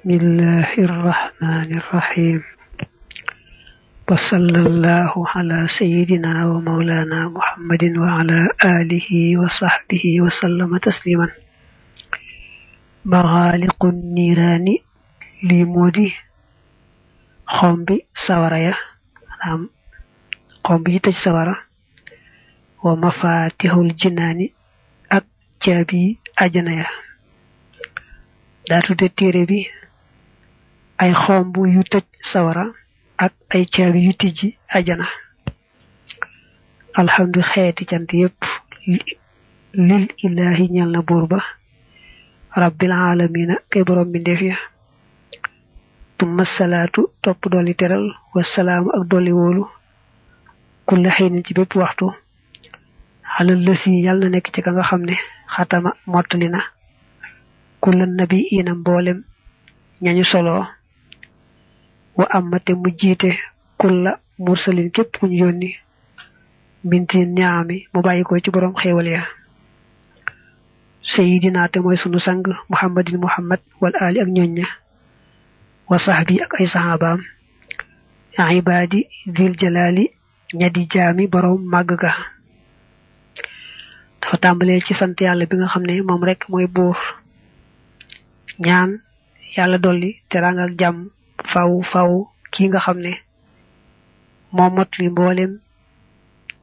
بسم الله الرحمن الرحيم وصلى الله على سيدنا ومولانا محمد وعلى آله وصحبه وسلم تسليما مغالق النيران لمودي خمبي سواريا نعم خمبي تج سوارا ومفاتيح الجنان أك caabi ajana ya daa tudde téere bi ay xomb yu tëj sawara ak ay caabi yu tijji ajana alhamdu xeeti cant yépp lil ilaahi ñal na buur ba rabbil alamina kay borom bi ndeef ya tumma salaatu topp dolli teral wasalaamu ak dolli wóolu kulla xiinin ci bépp waxtu xalal lësi yàlla na nekk ci ka nga xam ne xatama mottali na kulla nabi ina mboolem ñañu solo wa amate mu jiite kulla mursalin képp ku ñu yónni binti ñaami mu bàyyi ko ci borom xéewal ya sayidina te mooy sunu sang muhammadin muhammad wal ali ak ñoñña wa sahbi ak ay sahabaam ibadi dil jalali ñadi jaami borom màgg ga dafa tàmbalee ci sant yàlla bi nga xam ne moom rek mooy buur ñaan yàlla dolli teraanga ak jàmm faw faw ki nga xam ne moo mot li mboolem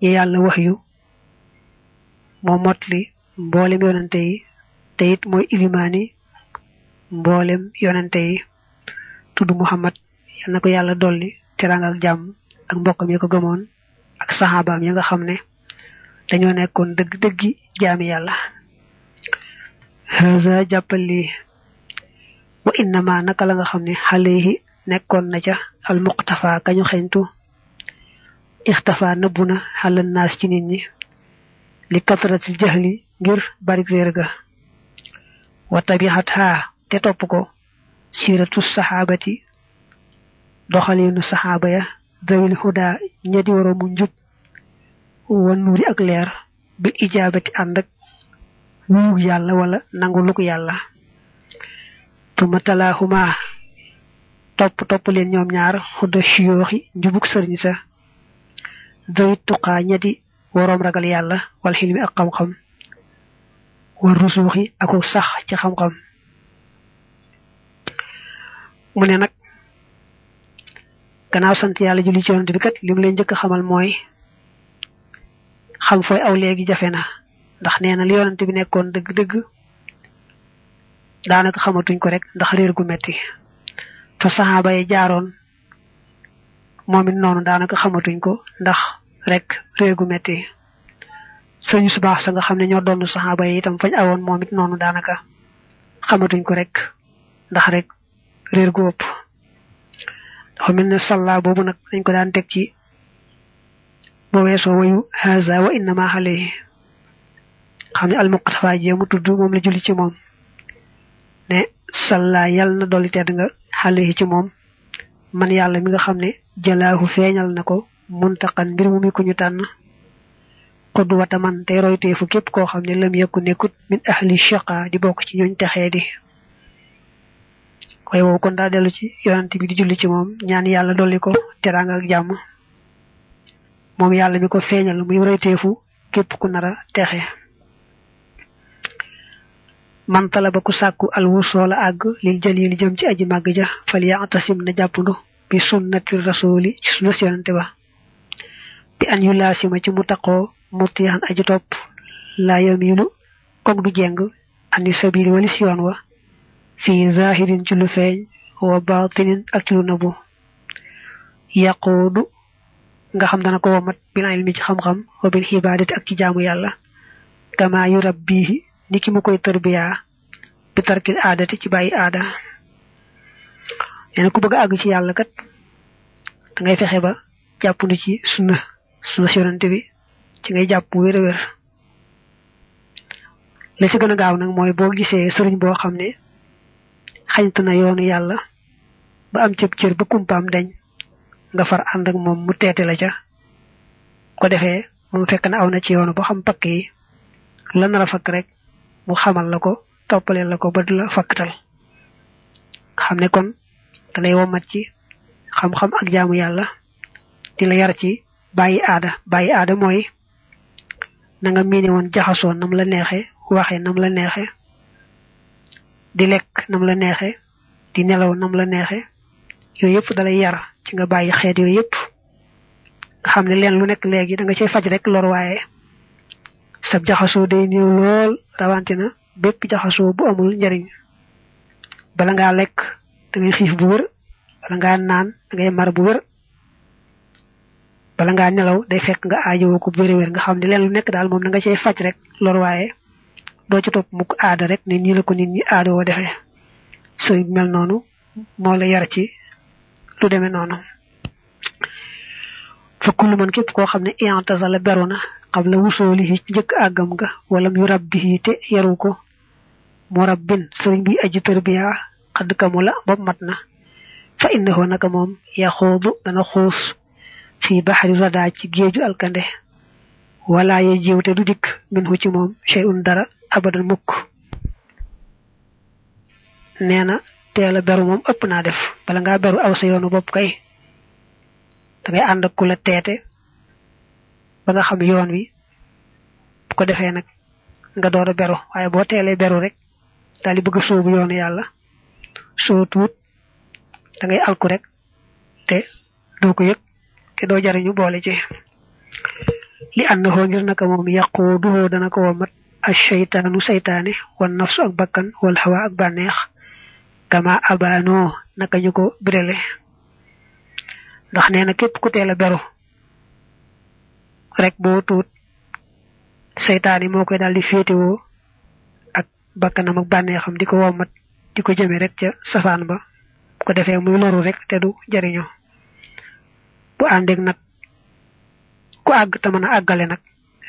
yi yàlla wax yu moo mot li mboolem yonante yi te it mooy ilimaani mboolem ko yàlla dolli teraanga ak jàmm ak mbokkam yi ko gëmoon ak saxaabaam yi nga xam ne dañoo nekkoon dëgg dëggi jaami yàlla haza jàppal lii wa innama naka la nga xam ne xaleehi nekkoon na ca al muqtafa kañu xeñtu ixtafa nëbbu na xàllan naas ci nit ñi li katratil jaxli ngir barik réer ga wa tabiat haa te topp ko siiratu saxaabati doxalinu saxaaba ya dawil huda ñedi waro mu njub wan nuuri ak leer bi ijaabati ànd ak wuyug yàlla wala nangu luk yàlla tuma topp topp leen ñoom ñaar xudda siyooxi njubug sëriñ sa dawit tuqaa ñetti waroom ragal yàlla wala wal xilmi ak xam-xam war rusuuxi aku sax ci xam-xam mu ne nag gannaaw sant yàlla julli ci yonent bi kat li mu leen njëkk xamal mooy xam fooy aw léegi jafe na ndax nee na li yonent bi nekkoon dëgg-dëgg daanaka xamatuñ ko rek ndax réer gu metti fa saxaaba yi jaaroon moom it noonu daanaka xamatuñ ko ndax rek réer gu metti sëñ su baax sa nga xam ne ñoo doon saxaaba yi itam fañ awoon moom it noonu daanaka xamatuñ ko rek ndax rek réer gu ëpp dafa ne salla boobu nag dañ ko daan teg ci ba weesoo wayu haza wa innama alayhi xam ne almuqtafa jee mu tudd moom la julli ci moom ne salla yàlla na dolli tedd nga xale yi ci moom man yàlla mi nga xam ne jalaahu feeñal na ko muntaqan mbir mu mi ku ñu tànn xudwata man tey royteefu képp koo xam ne lam yëkku nekkut min ahli shaqa di bokk ci ñooñ texee di koy wow kon daal dellu ci yonent bi di julli ci moom ñaan yàlla dolli ko teraanga ak jàmm moom yàlla mi ko feeñal muy fu képp ku nar a texe man talaba ku sàkku alwusoola àgg lil jalil jëm ci aji màgg ja fal ya'tasim na jàppandu bi sunnati rasuli ci sunna yonante bi an yu laasima ci mu taqoo mutiyan aji topp laa yamilu kog du jeng ani sabili walis yoon wa fii zahirin ci lu feeñ wa batinin ak ci lu nëbbu yaquudu nga xam dana ko womat bil ilmi ci xam-xam wa bil xibaadati ak ci jaamu yàlla kama yurabbihi niki mu koy tërbiyaa bi tarkil aadati ci bàyyi aada nee ku bëgg a ci yàlla kat da ngay fexe ba jàppandu ci sunna sunna si yonante bi ci ngay jàpp wér a wér la ci gën a gaaw nag mooy boo gisee sëriñ boo xam ne xañtu na yoonu yàlla ba am cëb cër ba kumpaam dañ nga far ànd moom mu teete la ca ko defee moom fekk na aw na ci yoonu boo xam pakk yi lan la fakk rek mu xamal la ko toppaleel la ko ba du la fakkatal xam ne kon dalay womat ci xam-xam ak jaamu yàlla di la yar ci bàyyi aada bàyyi aada mooy na nga miine woon jaxasoo nam la neexe waxe nam la neexe di lekk nam la neexe di nelaw nam la neexe yooyu yëpp dalay yar ci nga bàyyi xeet yooyu yëpp nga xam ne leen lu nekk léegi da nga faj rek lor waaye sab jaxasoo day néew lool rawante na bépp jaxasoo bu amul njariñ bala ngaa lekk da ngay xiif bu wër bala ngaa naan da ngay mar bu wër bala ngaa nelaw day fekk nga aajowoo ko wér wér nga xam ne leen lu nekk daal moom danga nga cay rek lor waaye doo ci topp mukk aada rek ne nii la ko nit ñi aada woo defee mel noonu moo la yar ci lu demee noonu fekk lu mën képp koo xam ne iyantasala beru na qabla wusoolihi ci njëkk àggam ga walam yu rabbihi te yaru ko mu rabbin sëriñ bi aji tarbiya xadd kamula ba mat na fa innahu naka moom yaxoodu dana xuus fii baxari rada ci géeju alkande wala ye jiw te du dikk minhu ci moom shay'un dara abadan mukk nee na teel a beru moom ëpp naa def bala ngaa beru aw sa yoonu bopp kay da ànd ak ku teete ba nga xam yoon wi bu ko defee nag nga door a beru waaye boo teelee beru rek daal di bëgg a sóobu yàlla soo tuut da ngay alku rek te doo ko yëg te doo jariñu boole ci li annahu ngir naka moom yàqoo duhoo dana ko womat ak seytaanu seytaane wan nafsu ak bakkan wal hawa ak bànneex kama abaanoo naka ñu ko birale ndax nee képp ku teel a rek boo tuut seytaan yi moo koy daal di féetewoo ak bakkanam ak bànneexam di ko wommat di ko jëme rek ca safaan ba bu ko defee mu loru rek te du jariñoo bu àndeek nag ku àgg te mën a àggale nag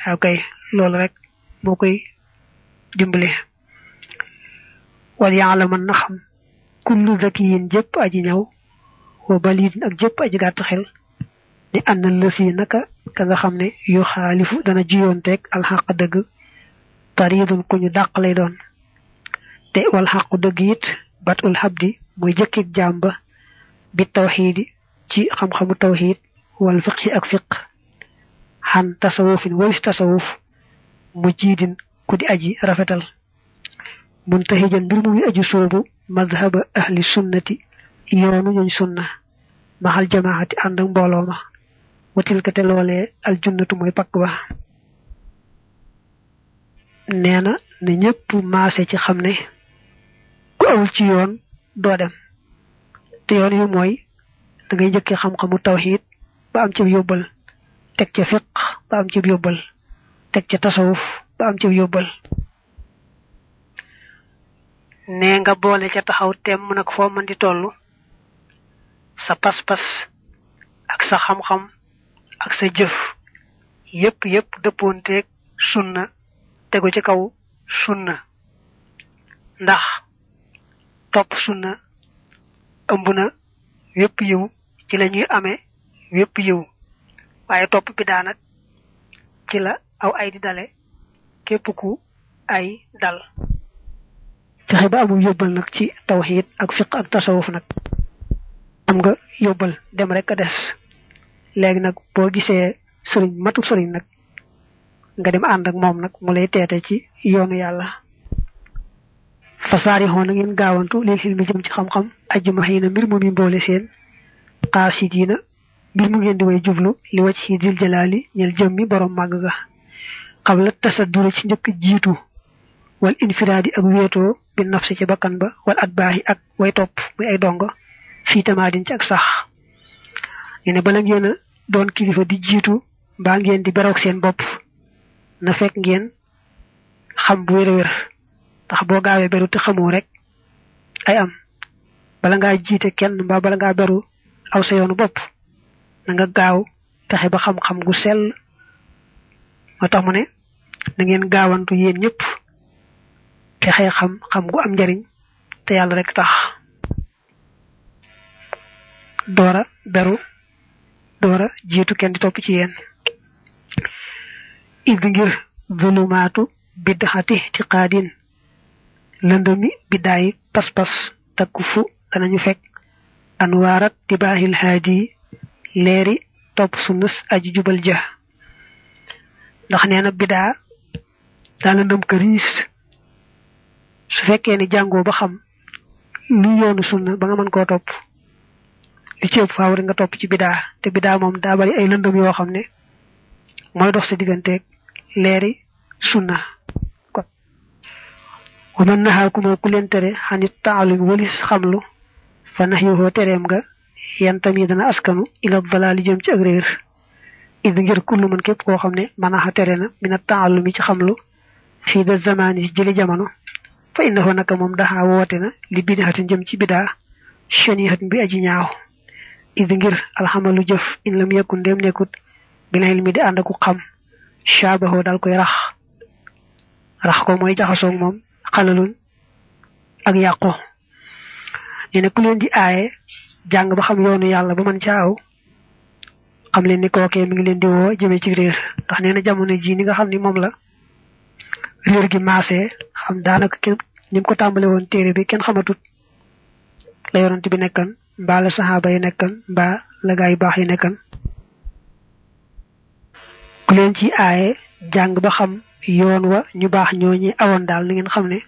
waaw kay loolu rek moo koy dimbale wal yàlla mën na xam kullu zakiyin jëpp aji ñaw wa balidin ak jëpp aji gàtt xel ni ànd na lësi naka ka nga xam ne yu xaalifu dana jiyoonteeg alxaq dëgg paridun ku ñu dàq lay doon te wal xaqu dëgg it batul xabdi mooy jëkkik jaam ba bi tawxiidi ci xam-xamu tawxiid wal fiq si ak fiq xan tasawufin walis tasawuf mu jiidin ku di aji rafetal muntahijan mbir mu ngi aju soobu madhaba ahli sunnati yoonu ñooñ sunna maxal jamaati ànd ak mbooloo watil ka te loolee aljunnatu mooy pakk ba nee na ne ñëpp maase ci xam ne ku awul ci yoon doo dem te yoon yu mooy da ngay njëkkee xam-xamu tawxiid ba am ci yóbbal teg ci fiq ba am ci yóbbal teg ca tasawuf ba am ci yóbbal nee nga boole ca taxaw teem nag foo mën di toll sa pas-pas ak sa xam-xam ak sa jëf yépp yépp dëppoonteeg sunna tegu ci kaw sunna ndax topp sunna ëmb na yépp yiw ci la ñuy ame wépp yiw waaye topp bi daanag ci la aw ay di dale képp ku ay dal fexe ba amum yóbbal nag ci tawxiid ak fiq ak tasawuf nag am nga yóbbal dem rek a des léegi nag boo gisee sëriñ matub sëriñ nag nga dem ànd ak moom nag mu lay teete ci yoonu yàlla fasaari xoon na ngeen gaawantu lil xil mi jëm ci xam-xam ajjuma xëy na mbir mu mi seen xaasit yi na mbir mu ngeen di way jublu li wacc yi dil jalaali jëm mi borom màgg ga xam la tasaddura ci njëkk jiitu wal infiraadi ak wéetoo bi nafsi ci bakkan ba wal at baax yi ak way topp muy ay dongo fii tamaadin ci ak sax nee ne bala ngeen doon kilifa di jiitu mbaa ngeen di beroog seen bopp na fekk ngeen xam bu wér wér ndax boo gaawee beru te xamoo rek ay am bala ngaa jiite kenn mbaa bala ngaa beru aw sa yoonu bopp na nga gaaw fexe ba xam-xam gu sel moo tax mu ne na ngeen gaawantu yéen ñëpp fexe xam xam gu am njariñ te yàlla rek tax doora beru door a jiitu kenn di topp ci yéen id ngir zulumaatu biddaxati tiqaadin lëndëmi biddaayi pas-pas takku fu danañu fekk anwaar ak tibaaxil haadi leeri topp sunus aji jubal ja ndax nee biddaa daa lëndëm këriis su fekkee ni jàngoo ba xam lu yoonu sunna ba nga mën koo topp li ci ëpp faaw nga topp ci bidaa te bidaa moom daa bari ay lëndëm yoo xam ne mooy dox sa digganteeg leeri sunna kon man naxaakumoo ku leen tere xanit taalum walis xamlu fa nax yoxoo tereem nga yan tam yi dana askanu ila dalaali jëm ci ak réer id ngir képp koo xam ne manaxa tere na mina taalum yi ci xamlu fii da zamaan jëli jamono fa indaxoo naka moom daxaa woote na li bidaatin jëm ci bidaa chanihatin bi aji ñaaw idi ngir alxamalu jëf in lam yakun dem nekkut bineel mi di ànd aku xam shaabahoo dal koy rax rax ko mooy jaxasoog moom xalalun ak yàqu ñu ku leen di aaye jàng ba xam yoonu yàlla ba mën caa aw xam leen ni kookee mi ngi leen di woo jëmee ci réer ndax nee na jamono jii ni nga xam ni moom la réer gi maasee xam daanaka kenn ni ko tàmbale woon téere bi kenn xamatut la yonent bi nekkan mbaa la saxaaba yi nekkan mbaa la gaa yu baax yi nekkan ku leen ci aaye jàng ba xam yoon wa ñu baax ñoo awoon daal na ngeen xam ne mi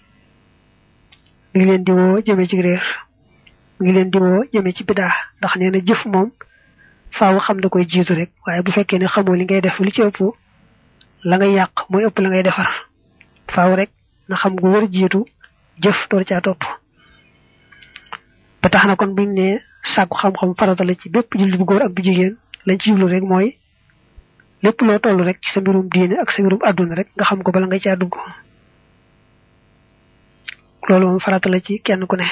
ngi leen di jëme ci réer mu ngi leen di woo jëme ci bidaa ndax nee jëf moom faaw xam da koy jiitu rek waaye bu fekkee ne xamoo li ngay def li ci ëpp la ngay yàq mooy ëpp la ngay defar faaw rek na xam gu wër jiitu jëf door caa topp ba tax na kon buñ ne sàkku xam-xam farata la ci bépp jullit bu góor ak bu jigéen lañ ci jublu rek mooy lépp loo toll rek ci sa mbirum diine ak sa mbirum àdduna rek nga xam ko bala nga caa dugg loolu moom farata la ci kenn ku ne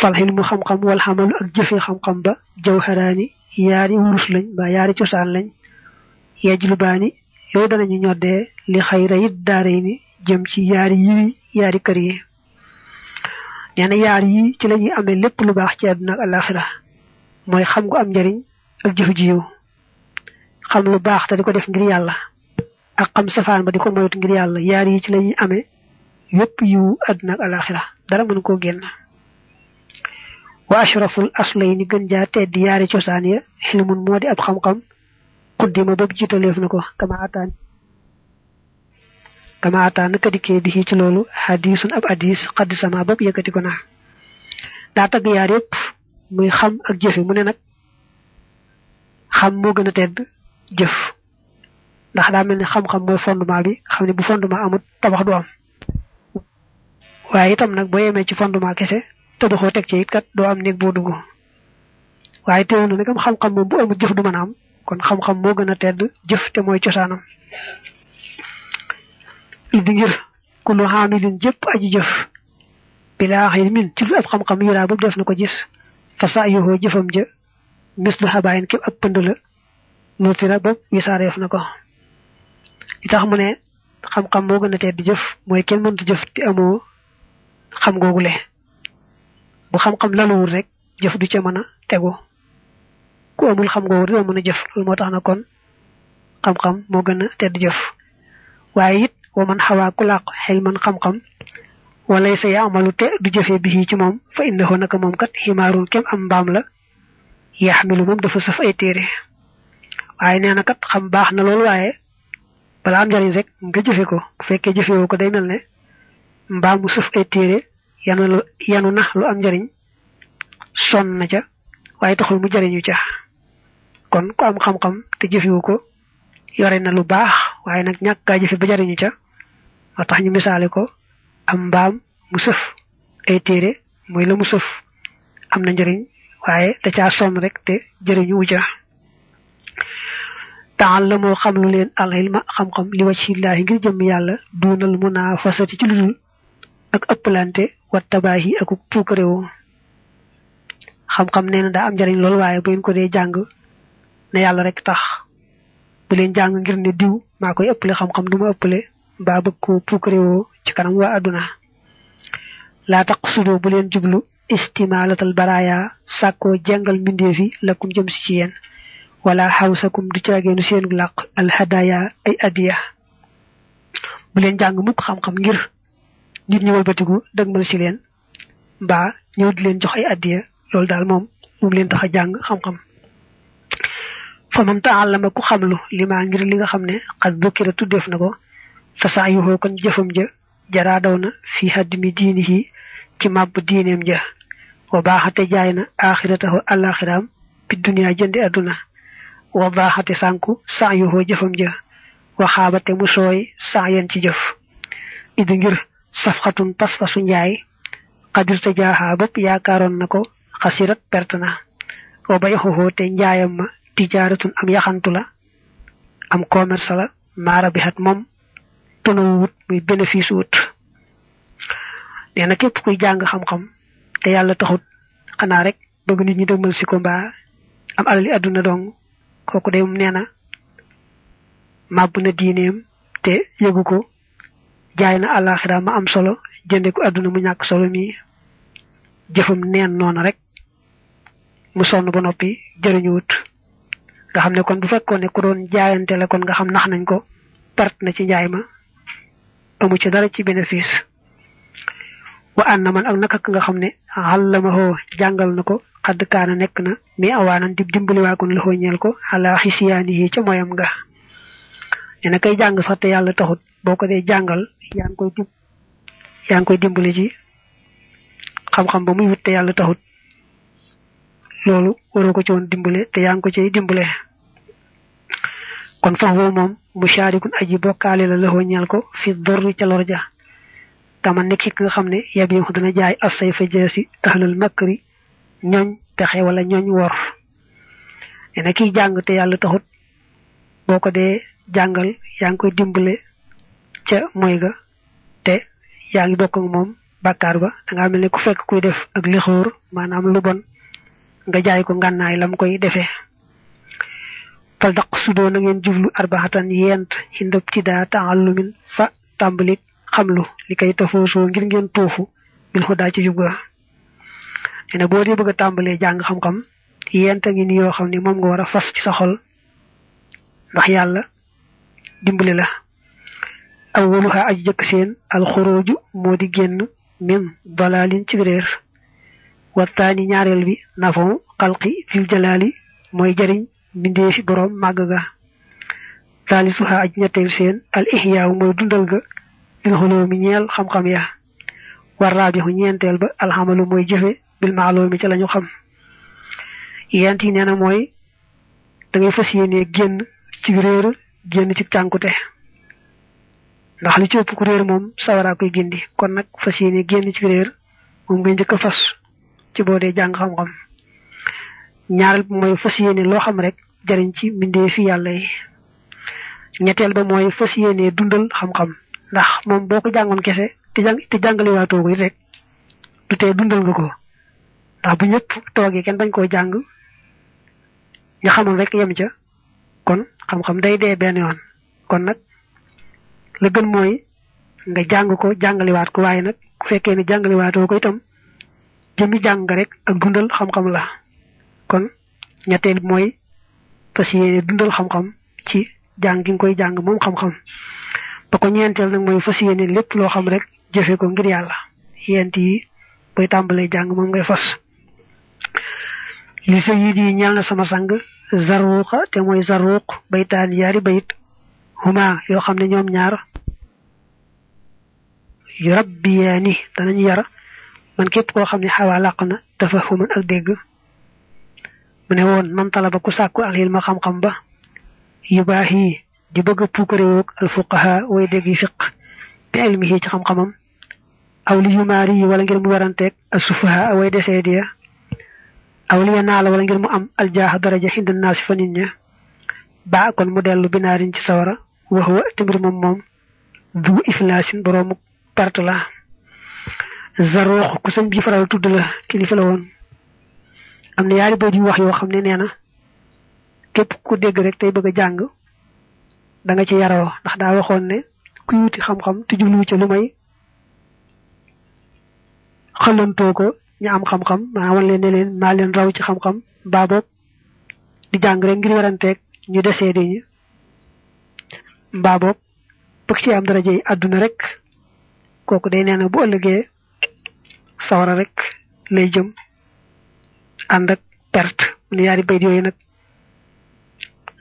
fal xilmu xam-xam wal xamalu ak jëfe xam-xam ba jawharaani yaari wurus lañ ba yaari cosaan lañ yajlubaani yooyu danañu ñoddee li xayra it daare ni jëm ci yaari yiwi yaari kër yi nee yaar yi ci lañuy ñuy amee lépp lu baax ci àdduna ak alaxira mooy xam gu am njariñ ak jëf ji yiw xam lu baax te di ko def ngir yàlla ak xam safaan ba di ko moytu ngir yàlla yaar yi ci lañuy ame yépp yiw àdduna ak alaxira dara mën koo génn wa ashraful aslay ni gën jaa tedd yaari cosaan ya xilmun moo di ab xam-xam kuddima bopp jiitaleef na ko kama kama ataa naka dikkee bi ci loolu xadisun ab hadis xadd sama bopp yëkkati ko na daa tagg yaar yëpp muy xam ak jëfe mu ne nag xam moo gën a tedd jëf ndax daa mel ni xam-xam mooy fondement bi xam ne bu fondement amut tabax du am waaye itam nag boo yemee ci fondement kese te doxoo teg ci it kat doo am néeg boo dugg waaye teewoon na nag am xam-xam moom bu amut jëf du mën a am kon xam-xam moo gën a tedd jëf te mooy cosaanam iddi ngir kullu xaamilin jëpp aji jëf bilaa xilmin ci lu ab xam-xam yulaa bu def na ko gis fa saa yuhoo jëfam ja mis lu xabaayin képp ab pënd la nutira bopp wisaareef na ko li tax mu ne xam-xam moo gën a tedd jëf mooy kenn mënut jëf te amoo xam googule bu xam-xam laluwul rek jëf du ca mën a tegu ku amul xam googu dina mën a jëf loolu moo tax na kon xam-xam moo gën a tedd jëf waaye it wa man xawaa ku làq xel man xam-xam walay sa yaamalu te du jëfe bi ci moom fa indahu naka moom kat ximaarun kem am mbaam la yaxmilu moom dafa saf ay téere waaye nee na kat xam baax na loolu waaye balaa am njariñ rek nga jëfe ko bu fekkee jëfewoo ko day mel ne mbaam mu saf ay téere yanu na lu am njariñ sonn na ca waaye taxul mu jariñu ca kon ku am xam-xam te jëfewu ko yore na lu baax waaye nag ñàkk kaa jëfe ba jariñu ca moo tax ñu misaale ko am mbaam mu sëf ay téere mooy la mu sëf am na njëriñ waaye da caa sonn rek te jëriñu wu ca la moo xam lu leen al ilma xam-xam li wajhillaahi ngir jëm yàlla duunal munaafasati ci ludul ak ëpplante wat tabaahi ak puukaréwo xam-xam nee na daa am njëriñ lool waaye bu ngeen ko dee jàng ne yàlla rek tax bu leen jàng ngir ne diw maa koy ëppale xam-xam du ma mbaa bëgg ko puukarewoo ci kanam waa àdduna laa taqsudu bu leen jublu istimaalatal baraaya sàkkoo jengal mbindeef yi jëm si ci yéen wala xawsakum du caageenu seenu làq alhadaya ay adiya bu leen jàng mukk xam-xam ngir nit ñi wëlbatiku dëgmal si leen mbaa ñëw di leen jox ay addiya loolu daal moom moom leen tax a jàng xam-xam fa man taallama ku xamlu li ngir li nga xam ne xad dukkira tuddeef na ko fasaayuhu kon jëfam ja jaraa daw na fi haddimi diinihi ci màbb diineem ja wa baaxate jaay na axiratahu alaxiraam bi duniyaa jëndi adduna wa baaxate sànku saayuhu jëfam ja wa xaabate mu sooy saayan ci jëf id ngir safxatun pasfasu njaay xadirte jaaxaa bopp yaakaaroon na ko xasirat perte na wa bayaxuhu te njaayam ma tijaaratun am yaxantu la am commerce la bi xat moom tënawu wut muy bénéfice wut nee na képp kuy jàng xam-xam te yàlla taxut xanaa rek bëgg nit ñi dëgmal si ko mbaa am alali àdduna dong kooku day moom nee na màbb na diineem te yëgu ko jaay na àllaaxira ma am solo jënde ko àdduna mu ñàkk solo mi jëfam neen noona rek mu sonn ba noppi jëriñu wut nga xam ne kon bu fekkoon ne ku doon jaayante la kon nga xam nax nañ ko perte na ci njaay ma amu ca dara ci bénéfice wa an na man ak naka nga xam ne àllamahoo jàngal na ko xadd kaana nekk na mi awaanan dib dimbaliwaakon loxoo ñeel ko ala xisiyaani yi ca moyam nga ne na kay jàng sax te yàlla taxut boo ko dee jàngal yaa ngi koy dim dimbali ci xam-xam ba muy wut te yàlla taxut loolu waroo ko ci woon dimbale te yaa ngi ko ciy dimbale kon foofu moom mu sharikun aji bokkaale la lëxoo ñeel ko fi dorri ca lor ja kama nekki ki nga xam ne yabiixu dana jaay assay fa jeesi ahlul makri ñooñ pexe wala ñooñ wor nee na kiy jàng te yàlla taxut boo ko dee jàngal yaa ngi koy dimbale ca moy ga te yaa ngi bokk ak moom bakkaar ba danga ngaa mel ne ku fekk kuy def ak lixóor maanaam lu bon nga jaay ko ngànnaay lam koy defee fal daq su doon na ngeen jublu arbaxatan yent xindab ci daa taalumin fa tàmbalik xamlu li kay tafoosoo ngir ngeen toofu bil xudaa ci jub ga nee boo dee bëgg tàmbalee jàng xam-xam yent a ngi ni yoo xam ne moom nga war a fas ci sa xol ndax yàlla dimbali la awwaluha aj jëkk seen alxorooju moo di génn min dalaalin ci réer wattaani ñaareel bi nafamu xalqi fil jalaali mooy jariñ mbindee fi borom màgg ga taalisuha aj ñetteel seen al ihyaaw mooy dundal ga lil xoloo mi ñeel xam-xam ya war raabixu ñeenteel ba alxamalu mooy jëfe bil maaloo mi ca lañu xam yent yi nee mooy da ngay fas yéenee génn ci réer génn ci cànkute ndax li ci ëpp ku réer moom sawaraa kon nag fas yéenee génn ci réer moom ngay njëkk fas ci boo dee jàng xam-xam ñaareel bi mooy fas yéene loo xam rek jariñ ci mbindee fi yàlla yi ñetteel ba mooy fas yéene dundal xam-xam ndax moom boo ko jàngoon kese te jàng te jàngale ko it rek du tee dundal nga ko bu ñëpp toogee kenn bañ koo jàng ñu xamoon rek yem ca kon xam-xam day dee benn yoon kon nag la gën mooy nga jàng ko jàngaliwaat ko waaye nag bu fekkee ne jàngaliwaatoo ko itam jëmi jàng rek ak dundal xam-xam la kon ñetteel mooy fas yéene dundal xam-xam ci jàng gi koy jàng moom xam-xam ba ko ñeenteel nag mooy fas yéene lépp loo xam rek jëfe ko ngir yàlla yent yi booy tàmbalee jàng moom ngay fas li sa yit yi ñeel na sama sang zaruuqa te mooy zaruuq baytaan yaari bayit huma yoo xam ne ñoom ñaar yu rabbiyaani danañ yar man képp koo xam ne xawaa làq na tafahuman ak dégg mu ne woon man talaba ku sàkku al ilma xam-xam ba yu baax yi di bëgg a puukaréwoog al fuqaha way dégg yi fiq bi ilmihi ci xam-xamam aw li yumaari yi wala ngir mu waranteeg al sufaha way desee diya aw li yanaala wala ngir mu am aljaax daraja xinda naasi fa nit ña baa kon mu dellu binaarin ci sawara wax wa timbir moom moom du iflaasin boroomu perte la zaruux ku sëñ bi faral tudd la kilifa la woon am na yaari bayt yu wax yoo xam ne nee na képp ku dégg rek tey bëgg jàng danga nga ci yaroo ndax daa waxoon ne kuy wuti xam-xam te jubluwu ca lu may xalantoo ko am xam-xam maa wan leen ne ci xam-xam baa di jàng rek ngir waranteeg ñu desee di ñi mbaa bëgg ci am daraje yi àdduna rek kooku day nee na bu ëllëgee sawara rek lay jëm ànd ak perte mu ne ñaari bayit yooyu nag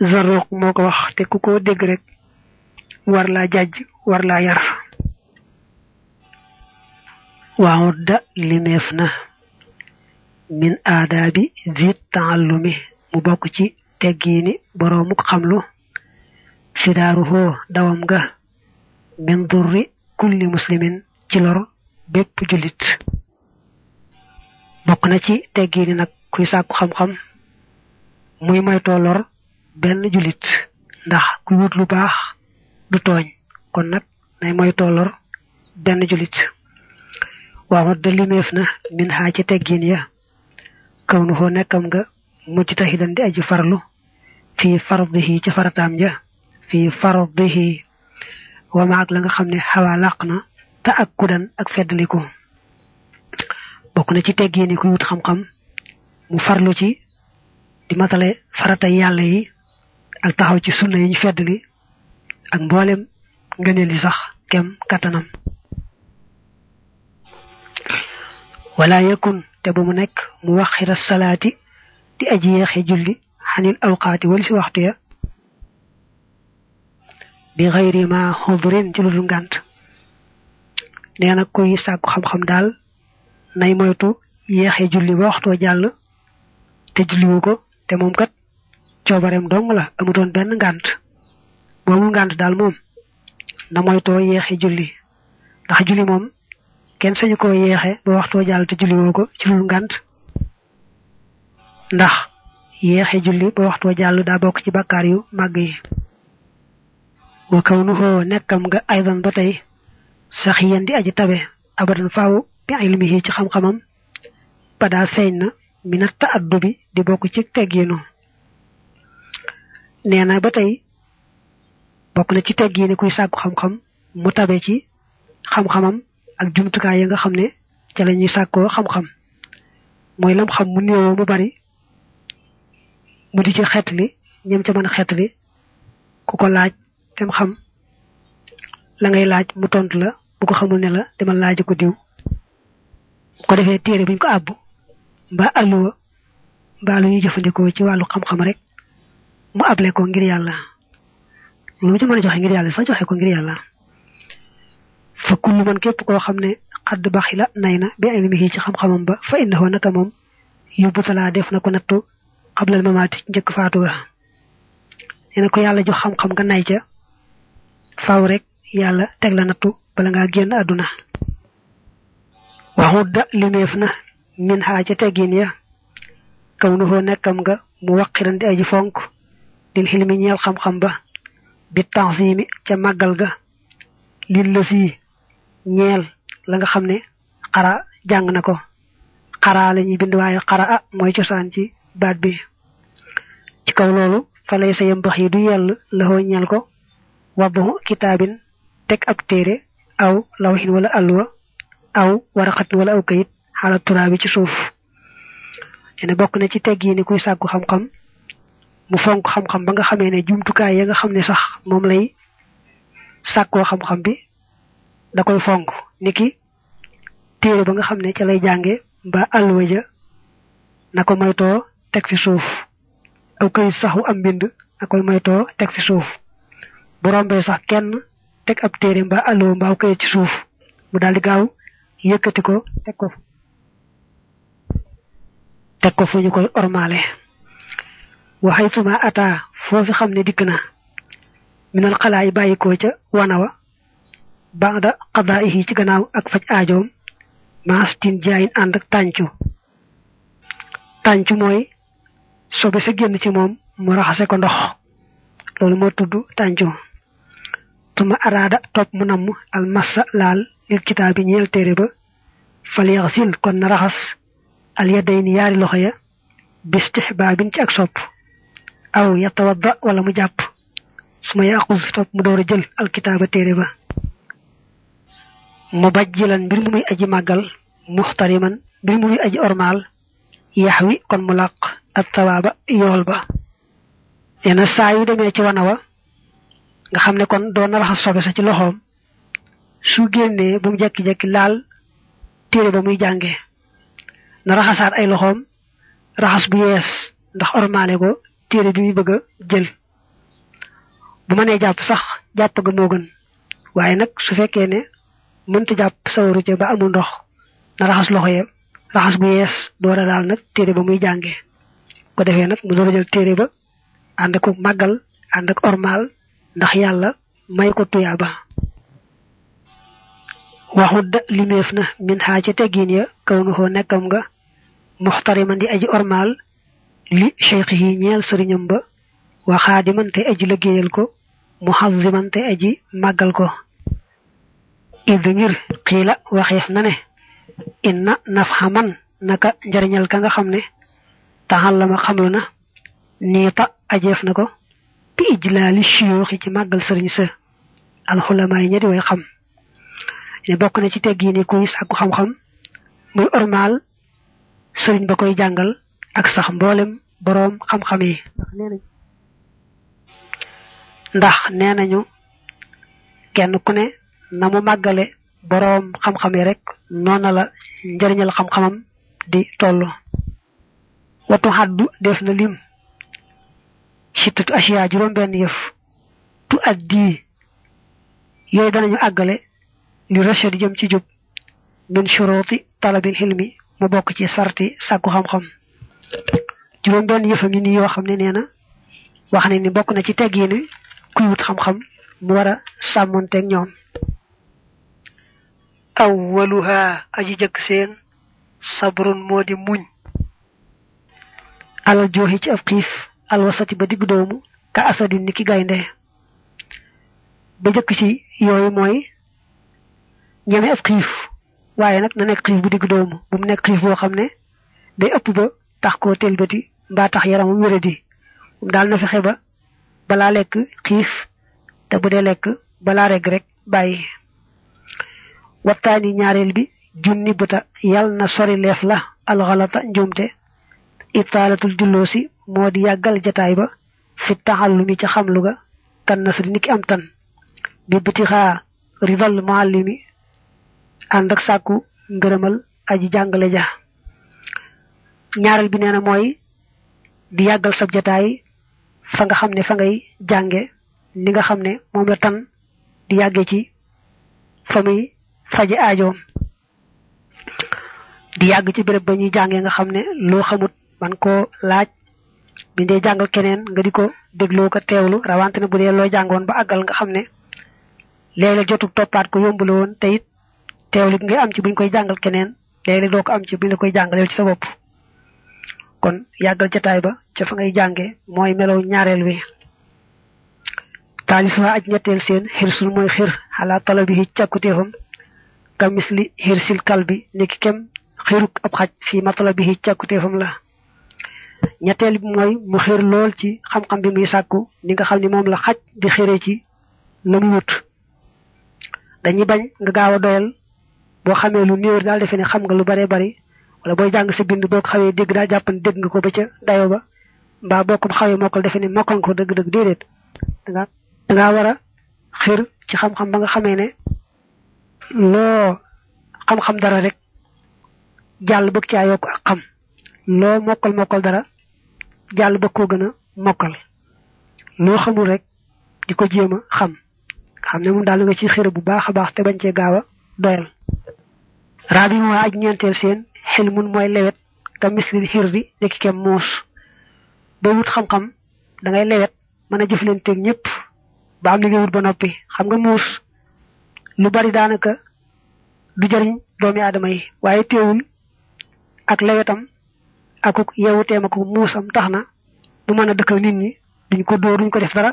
Zarruq moo ko wax te ku ko dégg rek war laa jàjj war laa yar waaw da limeef na min aadaabi zi taallumi mu bokk ci teggiini boroomu xamlu sidaaru hoo dawam nga min durri kulli muslimin ci lor bépp jullit bokk na ci teggi ni nag kuy sàkku xam-xam muy moytoo tolloor benn julit ndax ku wut lu baax du tooñ kon nag nay moytoo lor benn jullit waxut da limeef na min xaa ci teggiin ya kaw nu foo nekkam nga mujj taxidan di aji farlu fii fardihi ci farataam ja fii fardihi wama ak la nga xam ne xawaa làq na te ak kudan ak feddaliku bokk na ci teggee ni kuy wut xam-xam mu farlu ci di matale faratay yàlla yi ak taxaw ci sunna yi ñu feddali ak mboolem ngëneel yi sax kem kattanam wala yakun te bu mu nekk mu wax xira salaati di aji yeexe julli xanil awqaati wali si waxtu ya bi xayri ma xudrin ci lu dul ngànt nee kuy sàkku xam-xam daal nay moytu yeexe julli ba waxtoo jàll te julliwu ko te moom kat coobareem dong la amutoon benn ngànt bu amul ngànt daal moom na moytoo yeexe julli ndax julli moom kenn sañu koo yeexe ba waxtoo jàll te julliwoo ko ci lu ngànt ndax yeexe julli ba waxtoo jàll daa bokk ci bàkkaar yu màgg yi wa kaw nu xoo nekkam nga aydan ba tey sax yéen di aji tabe abadan faaw bi ilmihi ci xam-xamam badaa feeñ na minat ta addu bi di bokk ci teggiinu nee ba tey bokk na ci teggiini kuy sàkku xam-xam mu tabe ci xam-xamam ak jumtukaay ya nga xam ne ca la sàkkoo xam-xam mooy lam xam mu néewoo mu bari mu di ci xeetli ñem ca mën a xeetli ku ko laaj dem xam la ngay laaj mu tontu la bu ko xamul ne la demal laaji ko diw ko defee téere buñ ko àbbu mbaa alluwa mbaa lu ñuy jëfandikoo ci wàllu xam-xam rek mu able ko ngir yàlla lu ci mën a joxe ngir yàlla sax joxe ko ngir yàlla fa kullu man képp koo xam ne xadd baxi la nay na bi ilmihi ci xam-xamam ba fa innahu naka moom yóbbu talaa def na ko nattu xablal mamaati njëkk faatu ga nee na ko yàlla jox xam-xam nga nay ca faaw rek yàlla teg la nattu bala ngaa génn àdduna waxu da limeef na min xaa ca teggin ya kam nu foo nekkam nga mu waqiran di aji fonk lil xilmi ñeel xam-xam ba bi tanzimi ca màggal ga lil lësi ñeel la nga xam ne xara jàng na ko xaraa lañuy ñuy bind waaye xara a mooy cosaan ci baat bi ci kaw loolu falay sa yëmbax yi du yell laxoo ñeel ko wabbu kitaabin teg ab téere aw lawhin wala alluwa aw waraqat wala aw kayit xaala turaabi ci suuf nee na bokk na ci tegg yi ni kuy sàkku xam-xam mu fonk xam-xam ba nga xamee ne jumtukaay ya nga xam ne sax moom lay sàkkoo xam-xam bi da koy fonk niki téere ba nga xam ne ca lay jànge mba àlluwa ja na ko moytoo teg fi suuf aw kayit saxu am mbind na koy moytoo teg fi suuf bu rombee sax kenn teg ab téere mbaa àlluwa mbaa aw kayit ci suuf mu daal di gaaw yëkkati ko teg ko teg ko fu ñu koy ormaale waxay suma ata foofi xam ne dikk na minal xalaa yi bàyyikoo ca wana wa banda xadaa yi ci gannaaw ak faj aajoom maastin jaayin ànd ak tàncu mooy sobe sa génn ci moom mu raxase ko ndox loolu moo tudd tàncu tuma araada topp mu namm almassa laal lil kitaab bi ñeel téere ba falyaxsil kon na raxas al yadayn yaari loxo ya bistihbaabin ci ak sopp aw yatawadda wala mu jàpp su ma yaaxuz topp mu door a jël alkitaaba téere ba mu bajjilan mbir mu muy aji màggal muxtariman mbir mu muy aji ormaal yax wi kon mu làq ak tawaaba yool ba nee saa yu demee ci wana wa nga xam ne kon doon na raxas sobe sa ci loxoom su génnee bu mu jekki-jekki laal téere ba muy jànge na raxasaat ay loxoom raxas bu yees ndax ormaale ko téere bi muy bëgg a jël bu mënee jàpp sax jàpp ga moo waaye nag su fekkee ne mënta jàpp sawaru ca ba amul ndox na raxas loxo ya raxas bu yees door a laal nag téere ba muy jànge ko defee nag mu door jël téere ba ànd ak màggal ànd ak ormaal ndax yàlla may ko tuyaaba waxut limeef na min xaa ci teggin ya kaw nu xoo nekkam nga muxtariman di ormaal li cheikh yi ñeel sëriñam ba waxaadiman tey aji liggéeyal ko muxaziman tey aji màggal ko id ngir xiila waxeef na ne inna naf xaman naka njariñal ka nga xam ne taxallama xamlu na niita ajeef na ko bi ijlaali siyooxi ci màggal sëriñ sa alxulamaay ña way xam ne bokk na ci tegg yi ne kuy sàkku xam-xam muy ormaal sëriñ ba koy jàngal ak sax mboolem boroom xam-xam yi ndax nee nañu kenn ku ne na mu màggale boroom xam-xam yi rek noona la njëriñal xam-xamam di toll watu xaddu def na lim sittatu asiya juróom benn yëf tu addi yooyu danañu àggale li rachad jëm ci jub min shuruti talabil xilmi mu bokk ci sarti sàkku xam-xam juróom benn yëfa ngi nii yoo xam ne nee wax ne ni bokk na ci teg yi xam-xam mu war a sàmmonteeg ñoom awwaluha aji jëkk seen sabrun moo di muñ alal jooxi ci ab xiif alwasati ba digg doomu ka asadi ni ki gaynde ba jëkk ci yooyu mooy ñeme ab xiif waaye nag na nekk xiif bu digg doomu bu nekk xiif boo xam ne day ëpp ba tax koo telbati mbaa yaram yaramam wéradi moom daal na fexe ba balaa lekk xiif te bu dee lekk balaa reg rekk bàyyi waxtaani ñaareel bi junni buta yal na sori leef la alxalata njuumte itaalatul julloosi moo di yàggal jataay ba fi taxallumi ca xamlu ga kan nasri niki am tan bi buti xaa ridal muallimi ànd ak sàkku ngërëmal aji jàngale ja ñaareel bi nee na mooy di yàggal sab jataay fa nga xam ne fa ngay jànge ni nga xam ne moom la tan di yàgge ci fa muy faje aajoom di yàgg ci béréb ba ñuy jàngee nga xam ne loo xamut man koo laaj bi dee jàngal keneen nga di ko dégloo ko teewlu rawante ne bu dee loo jàngoon ba àggal nga xam ne léeg-léeg toppaat ko yombul woon teewlu gi am ci buñ koy jàngal keneen léeg-léeg doo ko am ci buñ la koy jàngal ci sa bopp kon yàggal jataay ba ca fa ngay jànge mooy melow ñaareel wi taalis waa aj ñetteel seen xirsul mooy xir xalaa talabi hi càkkutéefam ka misli xirsil kal bi niki kem xiruk ab xaj fii ma talabi hi càkkutéefam la ñetteel bi mooy mu xir lool ci xam-xam bi muy sàkku ni nga xam ni moom la xaj di xiree ci la mu wut dañuy bañ nga gaaw a doyal boo xamee lu néew daal defe ne xam nga lu baree bari wala booy jàng sa bind boo ko xawee dégg daal jàpp dégg nga ko ba ca dayo ba mbaa boo ko xawee mokkal defe ne mokkal nga ko dëgg ci xam ba nga xamee ne loo dara rek jàll bëgg caa yokk ak xam loo mokkal mokkal dara jàll bëgg koo gën a mokkal loo xamul rek di ko jéem a xam xam ne moom daal nga ci xir bu baax a baax te bañ cee gaaw a doyal raabi moo aj ñeenteel seen xel mun mooy lewet ka mislil xirri nekki kem muus boo wut xam-xam da lewet mën a jëflanteeg ñëpp ba am li nga wut ba noppi xam nga muus lu bari daanaka du jariñ doomi aadama yi waaye teewul ak lewetam akuk yewuteem akuk muusam tax na bu mën a dëkk nit ñi duñ ko dóor duñ ko def dara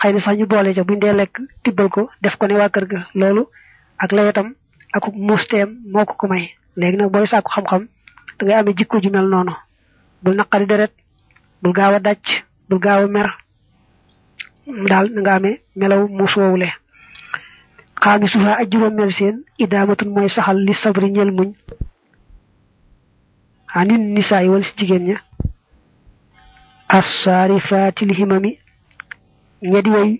xëy na sax ñu boole ca buñ dee lekk tibbal ko def ko ne waa kër ga loolu ak lewetam akuk mufteem moo ko ko may léegi nag booy sàkku xam-xam da ngay amee jikko ju mel noonu bul naqari deret bul gaaw a dàcc bul gaaw a mer daal na nga amee melaw mu soowule xaami suufaa ak juróomeel seen idaamatun mooy saxal li sabri ñel muñ anin nisaa yi wala si jigéen ña assaarifaati li himami ña way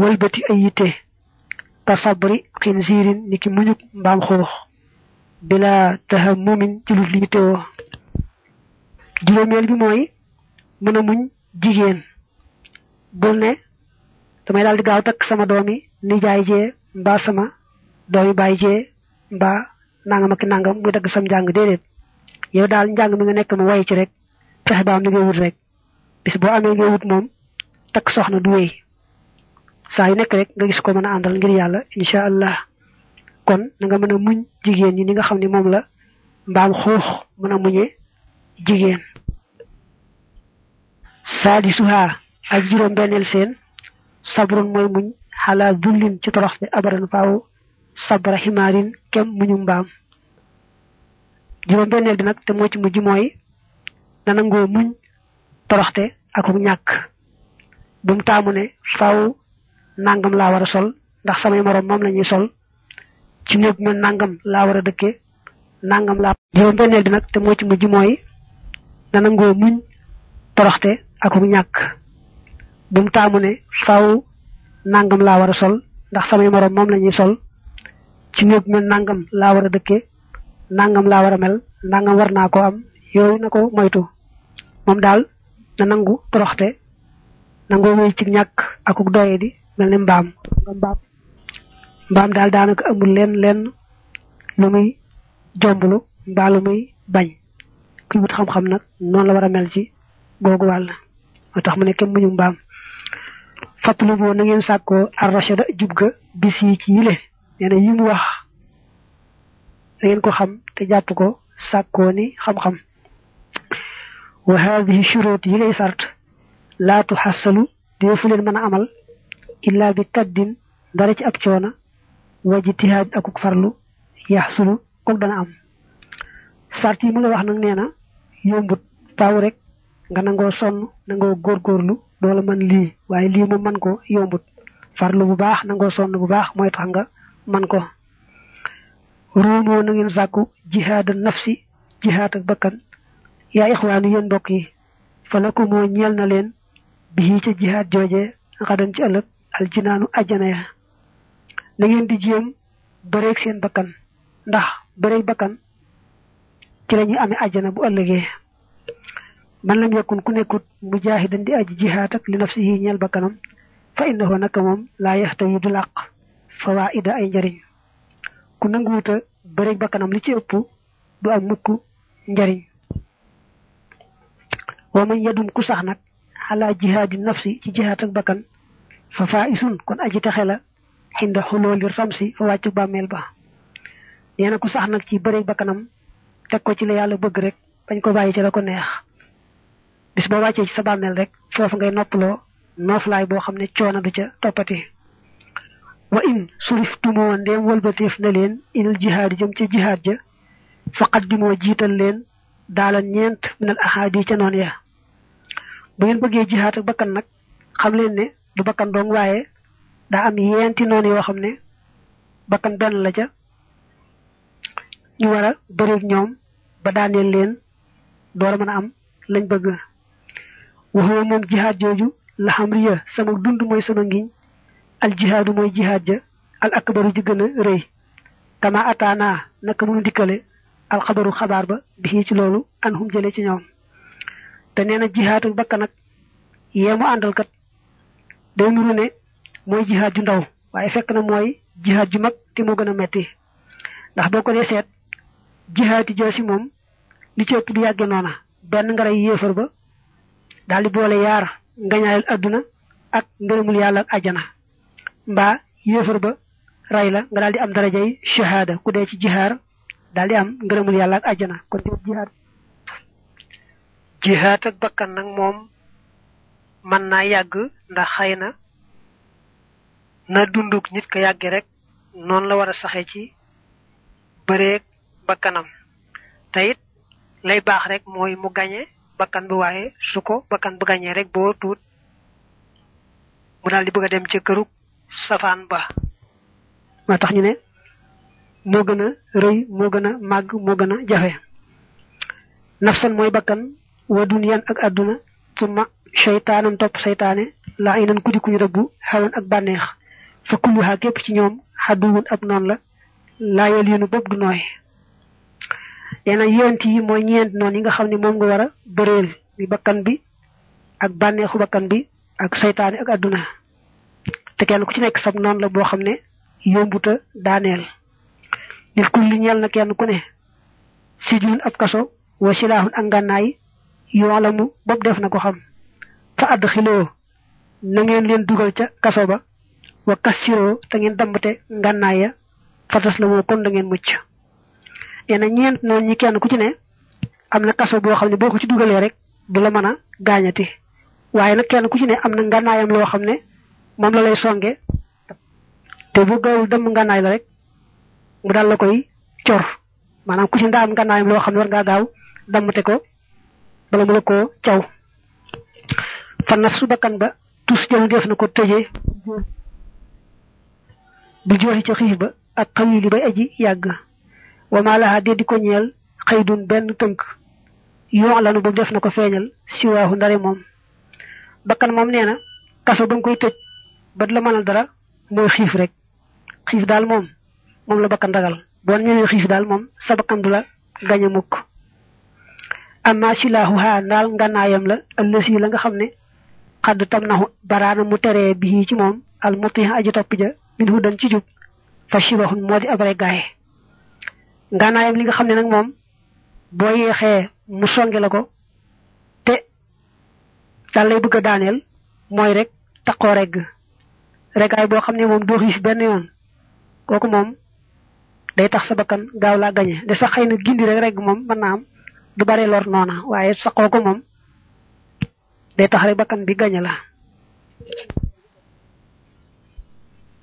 wëlbati ay yitte ka sabri xinziirin niki muñuk mbaam xurux bila tahammumin ci lu liy teewoo juróomeel bi mooy mën a muñ jigéen bul ne damay daal di gaaw takk sama doomi nijaay jee mbaa sama doomi baay jee mbaa nangam ak nangam muy dagg sam njàng déedéet yow daal njàng mi nga nekk mu ci rek fexe ba am li boo amee ngay wut moom takk soxna du saa yu nekk rek nga gis ko mën a àndal ngir yàlla incha allah kon na mën a muñ jigéen ñi ni nga xam ne moom la mbaam xuux mën a muñee jigéen saadi suhaa ak juróom benneel seen sabrun mooy muñ xalaa dullin ci torox bi faaw sabra ximaarin kem muñu mbaam juróom benneel bi nag te moo ci mujj mooy na nangoo muñ toroxte ak ñàkk bu taamu ne faaw nangam laa war a sol ndax samay morom moom la ñuy sol ci néeg ma nangam laa war a dëkke nangam la juróom nag te moo ci mujj mooy na nangoo muñ ñàkk bu mu taamu nangam laa war a sol ndax samay morom moom la ñuy sol ci néeg ma nangam laa war a dëkke nangam laa war a mel nangam war naa ko am yooyu na ko moytu moom daal na nangu toroxte nangoo wéy ci ñàkk akuk doye di mel ne mbaam mbaam daal daanaka amul lenn lenn lu muy jomblu mbaa lu muy bañ kuy wut xam-xam nag noonu la war a mel ci googu wàll moo tax mu ne kenn muñu mbaam fàttali boo na ngeen sàkkoo arrachada jub ga bis ci yile nee na wax da ko xam te jàpp ko sàkkoo ni xam-xam wa haadihi shuruut yi lay sart laatu xassalu dee fu leen mën a amal illaa bi kaddin dara ci ak coona wajtihaad akuk farlu yaxsulu kook dana am sart yi mu wax nag nee na yombut faaw rek nga nangoo góor nangoo góorgóorlu doola mën lii waaye lii mu mën ko yombut farlu bu baax nangoo sonn bu baax mooy tax nga mën ko ruumoo na ngeen sàkku jihaada nafsi jihaad ak bakkan yaa ixwaanu yéen mbokk yi fa la ko moo ñeel na leen bi ci jihaad jooje xadan ci ëllëg aljinaanu ajjana ya na ngeen di jéem seen bakkan ndax bëreeg bakkan ci la ñuy amee bu ëllëgee man lam yakun ku nekkut mujaahidan di aji jihaat ak li nafsihi ñeel bakkanam fa innahu naka moom laa yaxtawi du làq fawaida ay njariñ ku nanguwuta bëreeg bakkanam li ci ëpp du am mukk njariñ wa man yadum ku sax nag xalaa jihaadi nafsi ci jihaat bakkan fa faa isun kon aji texe la xinda xulooli ramsi fa wàccu bàmmeel ba nee na ku sax nag ci bëreeg bakkanam teg ko ci la yàlla bëgg rek bañ ko bàyyi ci la ko neex bis boo wàccee ci sa bàmmeel rek foofu ngay noppaloo nooflaay boo xam ne coono du ca toppati wa in surif tumoo ndeem wëlbateef na leen inal jihaad jëm ca jihaad ja faqat dimoo jiital leen daala ñeent minal ahaadi ca noon ya bu ngeen bëggee jihaad ak bakkan nag xam leen ne du bakkan dong waaye daa am yeenti noonu yoo xam ne bakkan benn la ca ñu war a ñoom ba daaneel leen door a mën a am lañ bëgg waxoo moom jihaad jooju la xam riya sama dund mooy sama ngiñ al jihaadu mooy jihaad ja al akbaru ji gën a rëy ataana naka mënu dikkale alxabaru xabaar ba bi ci loolu an hum jële ci ñoom te nee na jihaad ak bakkan ak yee mu àndal day nuru ne mooy jihaad ju ndaw waaye fekk na mooy jihaad ju mag te moo gën a metti ndax boo ko dee seet jihaadi jaasi moom li ci ëpp du yàgge noona benn nga rey yéefar ba daal di boole yaar ngañaayal adduna ak ngërëmul yàlla ak ajana mbaa yéefar ba rey la nga daal di am darajay shahada ku dee ci jihaar daal di am ngërëmul yàlla ak ajana kon jihaad ak bakkan nag moom mën naa yàgg ndax xëy na na dunduk nit ka yàgge rek noonu la war a saxe ci bëreeg bakkanam te lay baax rek mooy mu gañe bakkan bi waaye su ko bakkan bu gañee rek boo tuut mu daal di bëgg dem ci kërug safaan ba moo tax ñu ne moo gën a rëy moo gën a màgg moo gën a jafe nafsan mooy bakkan wa duniyan ak àdduna summa seytaanan topp seytaane la ay nan guddi ku ñu rëbbu xawoon ak bànneex fa kulluhaa képp ci ñoom xadduwun ab noonu la laayal yéenu bopp du nooy yeena yéwant yi mooy ñeent noonu yi nga xam ni moom nga war a bi bakkan bi ak bànneexu bakkan bi ak seytaane ak àdduna te kenn ku ci nekk sab noonu la boo xam ne yombuta daaneel nit ku ñeel na kenn ku ne sijnun ab kaso wa silaahun ak ngànnaay yoo la mu bopp def na ko xam fa àdd xiloo na ngeen leen dugal ca kaso ba wa kassiroo ta ngeen dambate ngànnaay ya fatas la moo kon da ngeen mucc nee na ñeent noonu ñi kenn ku ci ne am na kaso boo xam ne boo ko ci dugalee rek du la mën a gaañati waaye nag kenn ku ci ne am na ngànnaayam loo xam ne moom la lay songe te bu gaawul dem ngànnaay la rek mu daal la koy cor maanaam ku ci ndaa am ngànnaayam xam ne war ngaa gaaw dammate ko bala mu la koo caw fa naf su ba tus jël def na ko tëjee bu jooxi ca xiif ba ak xawili bay aji yàgg wama laha de di ko ñeel xëydun benn tënk yoon lanu bu def na ko feeñal siwaahu ndare moom bakkan moom nee na kaso ba nga koy tëj ba la mënal dara mooy xiif rek xiif daal moom moom la bakkan ragal boo ñëwee xiif daal moom sa bakkan du la gañ a mukk amma silaahu haa naal ngànnaayam la ëllësi la nga xam ne xadd tam na naxu baraana mu teree bii ci moom al mutih aju topp ja min hudan ci jub fa shibahun moo di ab reggaaye nganaayam li nga xam ne nag moom boo yéexee mu songe la ko te daal lay bëgg a daaneel mooy rek taqoo regg reggaay boo xam ne moom doo ben benn yoon kooku moom day tax sa bakkan gaaw laa gañe de sa xëy na gindi rek regg moom mën naa am du bare lor noona waaye saxoo ko moom day tax rek bakkan bi gañe la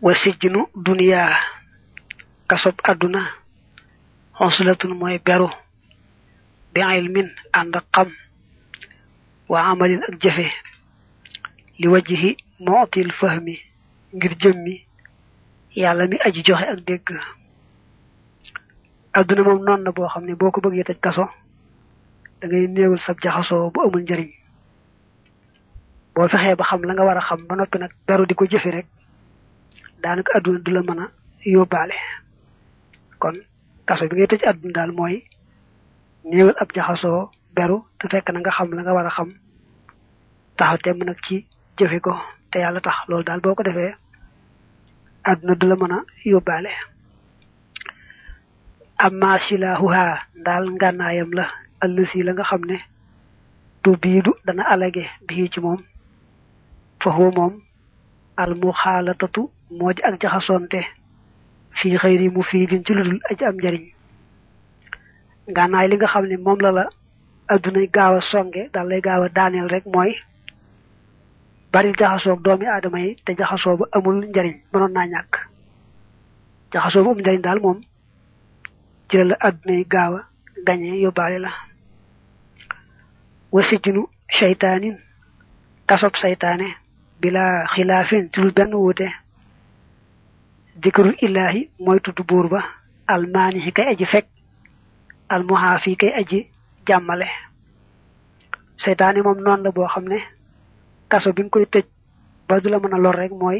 wa sijjinu duniyaa kasob àdduna xonsulatun mooy beru bi ilmin ànd xam waa amalin ak jëfe li wajhi mootil fahmi ngir jëmmi yàlla mi aji joxe ak dégg àdduna moom noonu na boo xam ne boo ko bëggee tëj kaso da ngay néewul sab jaxasoo bu amul njariñ boo fexee ba xam la nga war a xam ba noppi nag beru di ko jëfe rek daanaka adduna du la mën a yóbbaale kon kaso bi ngay tëj adduna daal mooy néewal ab jaxasoo beru te fekk na nga xam la nga war a xam taxaw temm nag ci jëfe ko te yàlla tax loolu daal boo ko defee adduna du la mën a yóbbaale amma silaahuha daal ngànnaayam la ëllësi la nga xam ne du dana alage bii ci moom fa moom al muxaalatatu moo di ak jaxasoonte fii xëyri mu fii din ci ludul aji am njariñ gànnaay li nga xam ne moom la la adduna gaaw a songe daal lay gaaw a rek mooy bari jaxasoog doomi aadama yi te jaxasoo ba amul njariñ mënoon naa ñàkk jaxasoo ba amul njariñ daal moom ci la adduna gaaw a yóbbaale la wasijinu seytaanin kasob seytaane bila xilaafin ci lu benn wuute dikrul illaahi mooy tudd buur ba almaani yi kay aji fekk almuhaafi kay aji jàmmale seytaane moom noonu la boo xam ne kaso bi nga koy tëj ba du la mën a lor rek mooy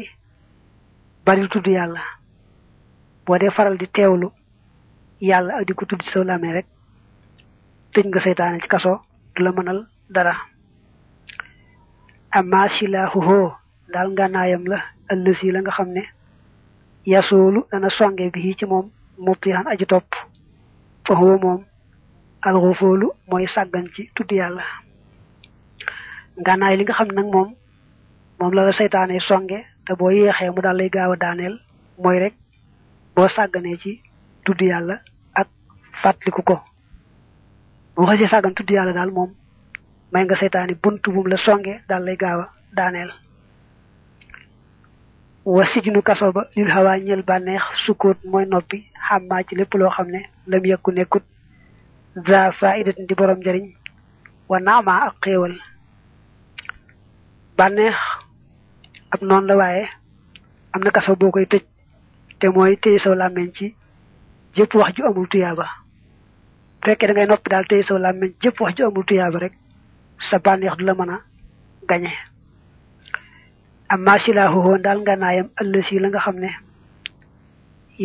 bari tudd yàlla boo dee faral di teewlu yàlla ak di ko tudd ci sa làmmiñ rek tëj nga seytaane ci kaso du la mënal dara amma silaahuhu daal ngànnaayam la ëllësi la nga xam ne yasoolu dana songe bi ci moom mutihan aji topp fa huwa moom alxufoolu mooy sàggan ci tudd yàlla ngànnaay li nga xam nag moom moom la la seytaane songe te boo yeexee mu daal lay gaaw a daaneel mooy rek boo sàgganee ci tudd yàlla ak fàttaliku ko boo xasee sàggan tudd yàlla daal moom may nga seytaane bunt bum la songe daal lay gaaw a daaneel wa sijnu kaso ba lil xawaa ñel bànneex sukkoot mooy noppi xàmmaa ci lépp loo xam ne lam yekku nekkut za faidatin di borom njariñ wa naamaa ak xéewal bànneex ab noonu la waaye am na kaso boo koy tëj te mooy téye saw làmmeñ ci jëpp wax ju amul tuyaaba fekkee da ngay noppi daal téye saw làmmeñ jëpp wax ju amul tuyaaba rek sa bànneex du la mën a gañe amma silaahuhu daal nga naayam ëllëg la nga xam ne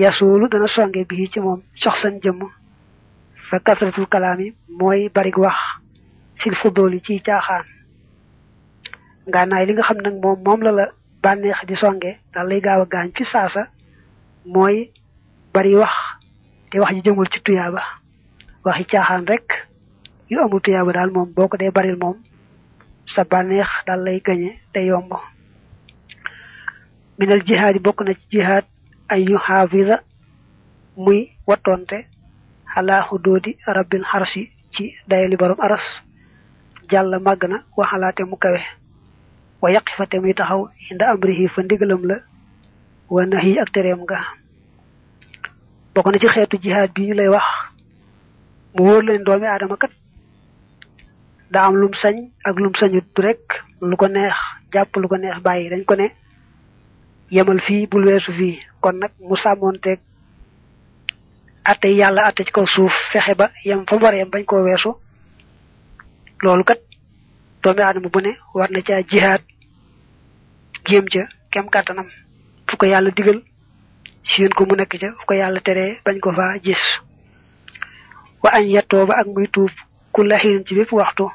yasuulu dana songe yi ci moom sox san jëmm fa kasratul kalaam yi mooy barig wax fil fudool yi ci caaxaan nga naay li nga xam nag moom moom la la bànneex di songe daal lay gaaw a gaañ ci saasa mooy bari wax te wax ji jëmul ci tuyaaba waxi caaxaan rek yu amul tuyaaba daal moom boo ko dee baril moom sa bànneex daal lay gañe te yomb minal jihaad yi bokk na ci jihaad ay yu xaafisa muy wattonte xalaa xudoodi rabbil xarsi ci dayali borom aras jàll màgg na waxalaate mu kawe wa yaqifate muy taxaw inda amrihi fa ndigalam la wa nahi ak tereem nga bokk na ci xeetu jihaad bi ñu lay wax mu wóor leen doomi aadama kat daa am lum sañ ak lum sañut du rek lu ko neex jàpp lu neex bàyyi dañ ko ne yemal fii bul weesu fi kon nag mu sàmmoonteeg atte yàlla atte ci kaw suuf fexe ba yem fa mu war bañ koo weesu loolu kat doomi aadama bu ne war na caa jihaat jéem ca kem kàttanam fu ko yàlla digal seen ko mu nekk ca fu ko yàlla tere bañ ko faa gis wa añ yettoo ba ak muy tuub ku laxiin ci bépp waxtu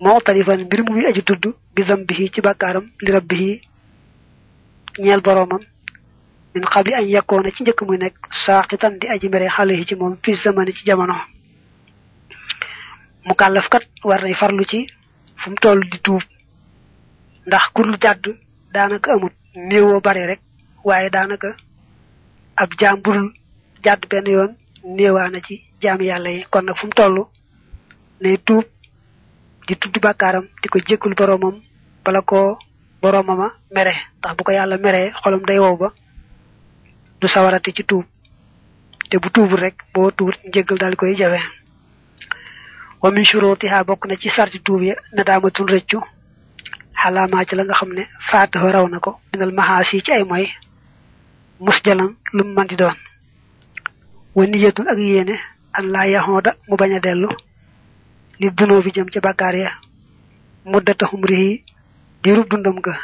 mu'tarifan mbir mu muy aji tudd bi zambihi ci bàkkaaram li rabbihi ñeel boroomam min xabli an yakkoona ci njëkk muy nekk saaxitan di aji mere xale yi ci moom fii zamani ci jamono mu kàllafkat kat war nay farlu ci fu mu toll di tuub ndax kurlu jàdd daanaka amut néewoo bare rek waaye daanaka ab jaam burul jàdd benn yoon néewaa ci jaam yàlla yi kon nag fu mu toll nay tuub di tudd bàkkaaram di ko jéggul boroomam bala ko boroomama mere ndax bu ko yàlla meree xolam day wow ba du sawarati ci tuub te bu tuubul rek boo tuut njéggal daal koy jawe wa min shurutiha bokk na ci sarti tuub ya nadaamatun rëccu xalaamaa ci la nga xam ne faataha raw na ko minal maxaasi ci ay mooy mus jalan lu mu di doon wa niyatun ak yéene an laa yaxooda mu bañ dellu li dunoo bi jëm ci bàkkaar ya muddata di diirub dundam ga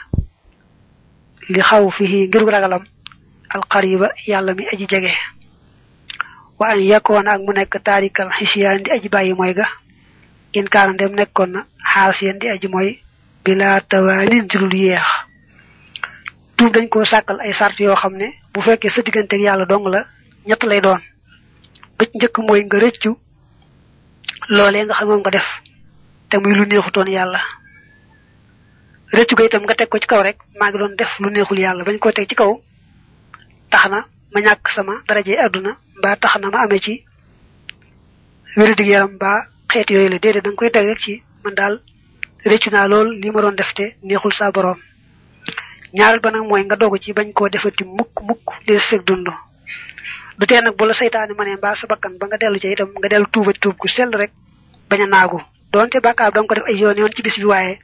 li xaw fii ngir ragalam alxariba yàlla mi aji jege wa an yakkoon ak mu nekk taarikal xisiyaan di aji bàyyi mooy ga in kaana dem nekkoon na xaasiyaan di aji mooy bilaa tawaalin ci lul yeex tuub dañ koo sàkkal ay sart yoo xam ne bu fekkee sa diggante yàlla dong la ñett lay doon bëj njëkk mooy nga rëccu loolee nga xam moom nga def te muy lu neexu toon yàlla rëccu ga itam nga teg ko ci kaw rek maa ngi doon def lu neexul yàlla bañ koo teg ci kaw tax na ma ñàkk sama daraje àdduna mbaa tax na ma amee ci wér yaram mbaa xeet yooyu la déedéet da nga koy teg rek ci man daal rëccu naa lool li ma doon def te neexul saa ñaaral ñaareel ba nag mooy nga dogu ci bañ koo defati mukk mukk li seg dund du tee nag bu la seytaane ma ne mbaa sa bakkan ba nga dellu ca itam nga dellu tuuba tuub gu sell rek bañ a naagu doonte bàkkaar da nga ko def ay yoon yoon ci bis bi waaye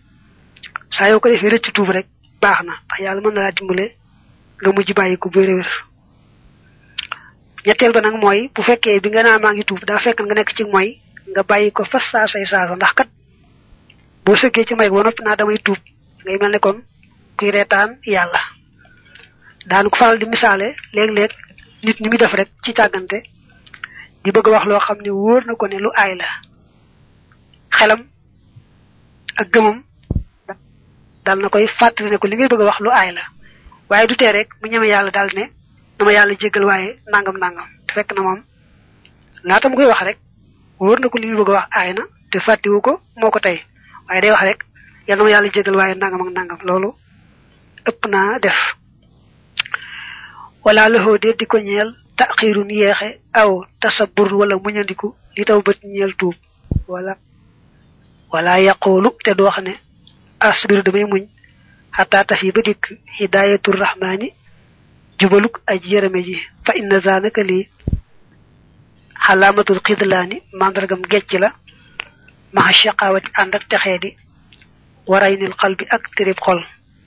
saa yoo ko defee rëcc tuub rek baax na ndax yàlla mën na laa dimbale nga mujj bàyyi ko bu wér ñetteel ba nag mooy bu fekkee bi nga naa maa ngi tuub daa fekk nga nekk ci mooy nga bàyyi ko fas saa say saasa ndax kat boo sëggee ci may ba noppi naa damay tuub ngay mel ne kon kuy reetaan ko faral di misaale léeg nit ñu ngi def rek ci càggante di bëgg wax loo xam ne wóor na ko ne lu aay la xelam ak gëmam dal na koy fàttali ne ko li ngay bëgg a wax lu aay la waaye du tee rek mu ñeme yàlla daal ne dama yàlla jégal waaye nangam nangam te fekk na moom laata mu koy wax rek wóor na ko li muy bëgg wax aay na te fàttiwu ko moo ko tey waaye day wax rek yàlla dama yàlla jéggal waaye nangam ak nangam loolu ëpp naa def wala loxoo dee di ko ñeel taxirun yeexe aw tasabur wala muñandiku li taw bët ñeel tuub wala wala yaqoolu te doo xam ne asbiru damay muñ xataa yi ba dikk hidayatur rahmaani jubaluk aj yërëme ji fa inna zanaka lii xalaamatul xidlaani mandargam gecc la maxa shaqaawati ànd ak texee di waraynil xal bi ak térib xol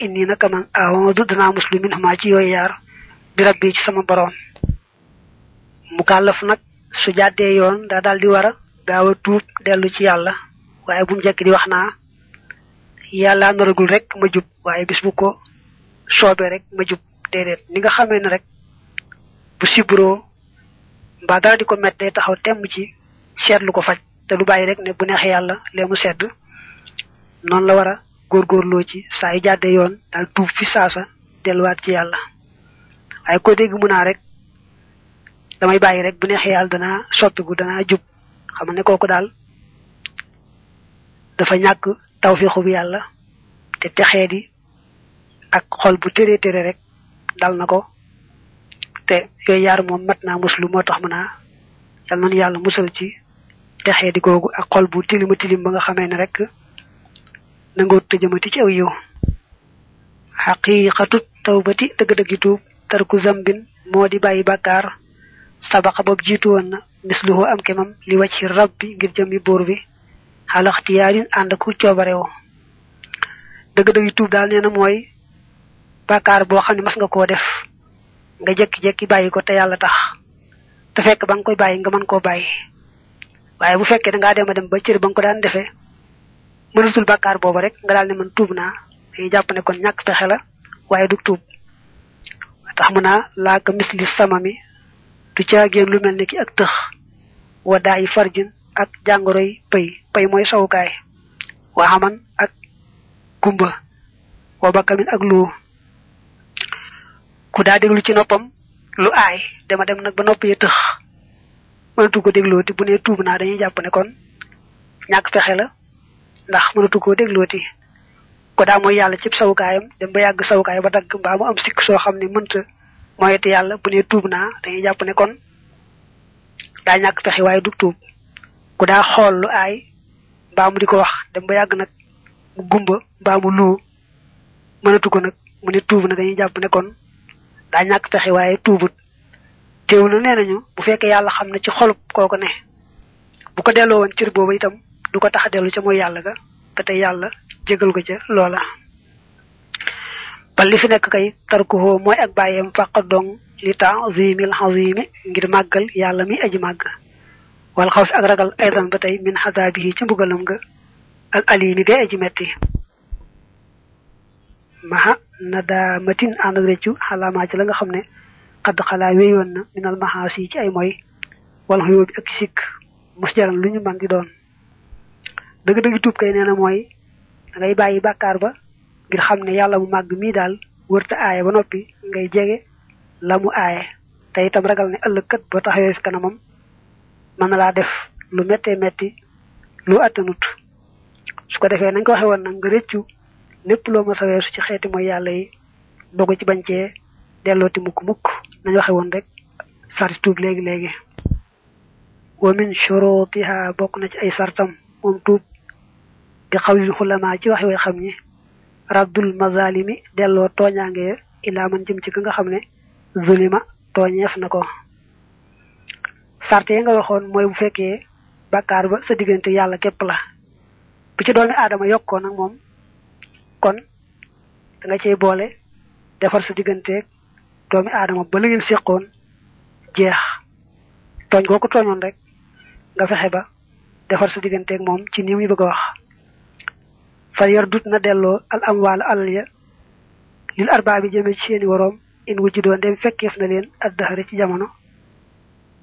inni naka man awodu danaa muslimin xumaa ci yooyu yaar bi ci sama boroom mu kàllaf nag su jàddee yoon daa daal di war a gaaw a tuub dellu ci yàlla waaye bu mu jekk di wax naa yàlla naragul rekk ma jub waaye bis bu ko soobee rek ma jub déedéet ni nga xamee ne rek bu siburoo mbaa dara di ko mettee taxaw temm ci seetlu ko faj te lu bàyyi rek ne bu neexee yàlla lee mu sedd noonu la war a góorgóorloo ci saa yu jàddee yoon daal tuub fi saasa delluwaat ci yàlla waaye ko dégg mu naa rek damay bàyyi rek bu neexee yàlla danaa soppiku danaa jub xam ne kooku daal dafa ñàkk tawfiixu bi yàlla te texee di ak xol bu tëree tëre rek dal na ko te yooyu yaar moom mat naa muslu moo tax mu naa yal nañu yàlla musal ci texee di googu ak xol bu tilima tilim ba nga xamee ne rek na nangoo tëjëmati ci aw yiw xaqiiqatu tawbati dëgg-dëggi tuub tarku zambin moo di bàyyi bàkkaar sabaxa boobu jiitu woon na misluhu am kemam li wàcc rab bi ngir jëmmi buur bi alaxtiyaarin ànd ku coobarewo dëgg-dëgg tuub daal nee na mooy bàkkaar boo xam ne mas nga koo def nga jekki-jekki bàyyi ko te yàlla tax te fekk ba nga koy bàyyi nga mën koo bàyyi waaye bu fekkee da ngaa dem a dem ba cër ba nga ko daan defee mënatul bàkkaar boobu rek nga daal ne man tuub naa dañuy jàpp ne kon ñàkk pexe la waaye du tuub tax mu naa laa ka misli samami du caagéen lu mel ni ki ak tëx waddaa yi farjin ak jàngoroy pay pay mooy sawukaay waxaman ak gumba wa bakamin ak luu ku daa déglu ci noppam lu aay dama dem nag ba nopp yi tëx mënatu ko déglooti bu ne tuub naa dañuy jàpp ne kon ñàkk fexe la ndax mënatu koo déglooti ko daa mooy yàlla cib sawukaayam dam ba yàgg sawukaay ba dagg mbaa mu am sikk soo xam ne mënta moyeti yàlla bu ne tuub naa dañuy jàpp ne kon daa ñàkk waaye du tuub ku daa xool lu aay mbaa di ko wax dem ba yàgg nag mu gumba mbaa ko nag mu ne tuub na dañuy jàpp ne kon daa ñàkk pexe waaye tuubut teew na nee nañu bu fekkee yàlla xam na ci xolub kooku ne bu ko delloo woon cër boobu itam du ko tax a dellu ca mooy yàlla ga te yàlla jégal ko ca loola ba li fi nekk kay tarkuhoo mooy ak bàyyeem fàqa dong li taazimil azimi ngir màggal yàlla mi aji màgg wala xaw fi ak ragal aydan ba tey min xadaabihi ci mbugalam nga ak alimi bee aji metti maha nadaamatin ànd ak réccu xalaamaa ci la nga xam ne xadd xalaa wéyoon na minal maxaas yi ci ay mooy wala xuyoo bi ak sikk mos jaran lu ñu man doon dëgg-dëgg tuub kay nee mooy dangay bàyyi bàkkaar ba ngir xam ne yàlla mu màgg mii daal wërta aaye ba noppi ngay jege la mu aaye te itam ragal ne ëllëg kat boo taxawee fi kanamam mën na laa def lu méttee métti lu attanut su ko defee nañ ko waxee woon nag nga rëccu lépp loo mos a ci xeeti mooy yàlla yi dogu ci bañ ce dellooti muk mukk nañ waxe woon rek sarti tuub léegi léegi wa min shurutiha bokk na ci ay sartam moom tuub bi xawlil xulamaa ci wax way xam ñi raddul mazalimi delloo tooñaange ilaa man jëm ci ka nga xam ne zulima tooñeef na ko sarte nga waxoon mooy bu fekkee bàkkaar ba sa diggante yàlla képp la bu ci doomi aadama yokkoo nag moom kon da nga cey boole defar sa digganteeg doomi aadama ba la ngeen séqoon jeex tooñ koo tooñoon rek nga fexe ba defar sa digganteeg moom ci nii muy bëgg a wax fal yardut na delloo al amwaal alal ya lil arbaa bi jëme ci seeni waroom in wujjudoo ndem fekkeef na leen ak daxare ci jamono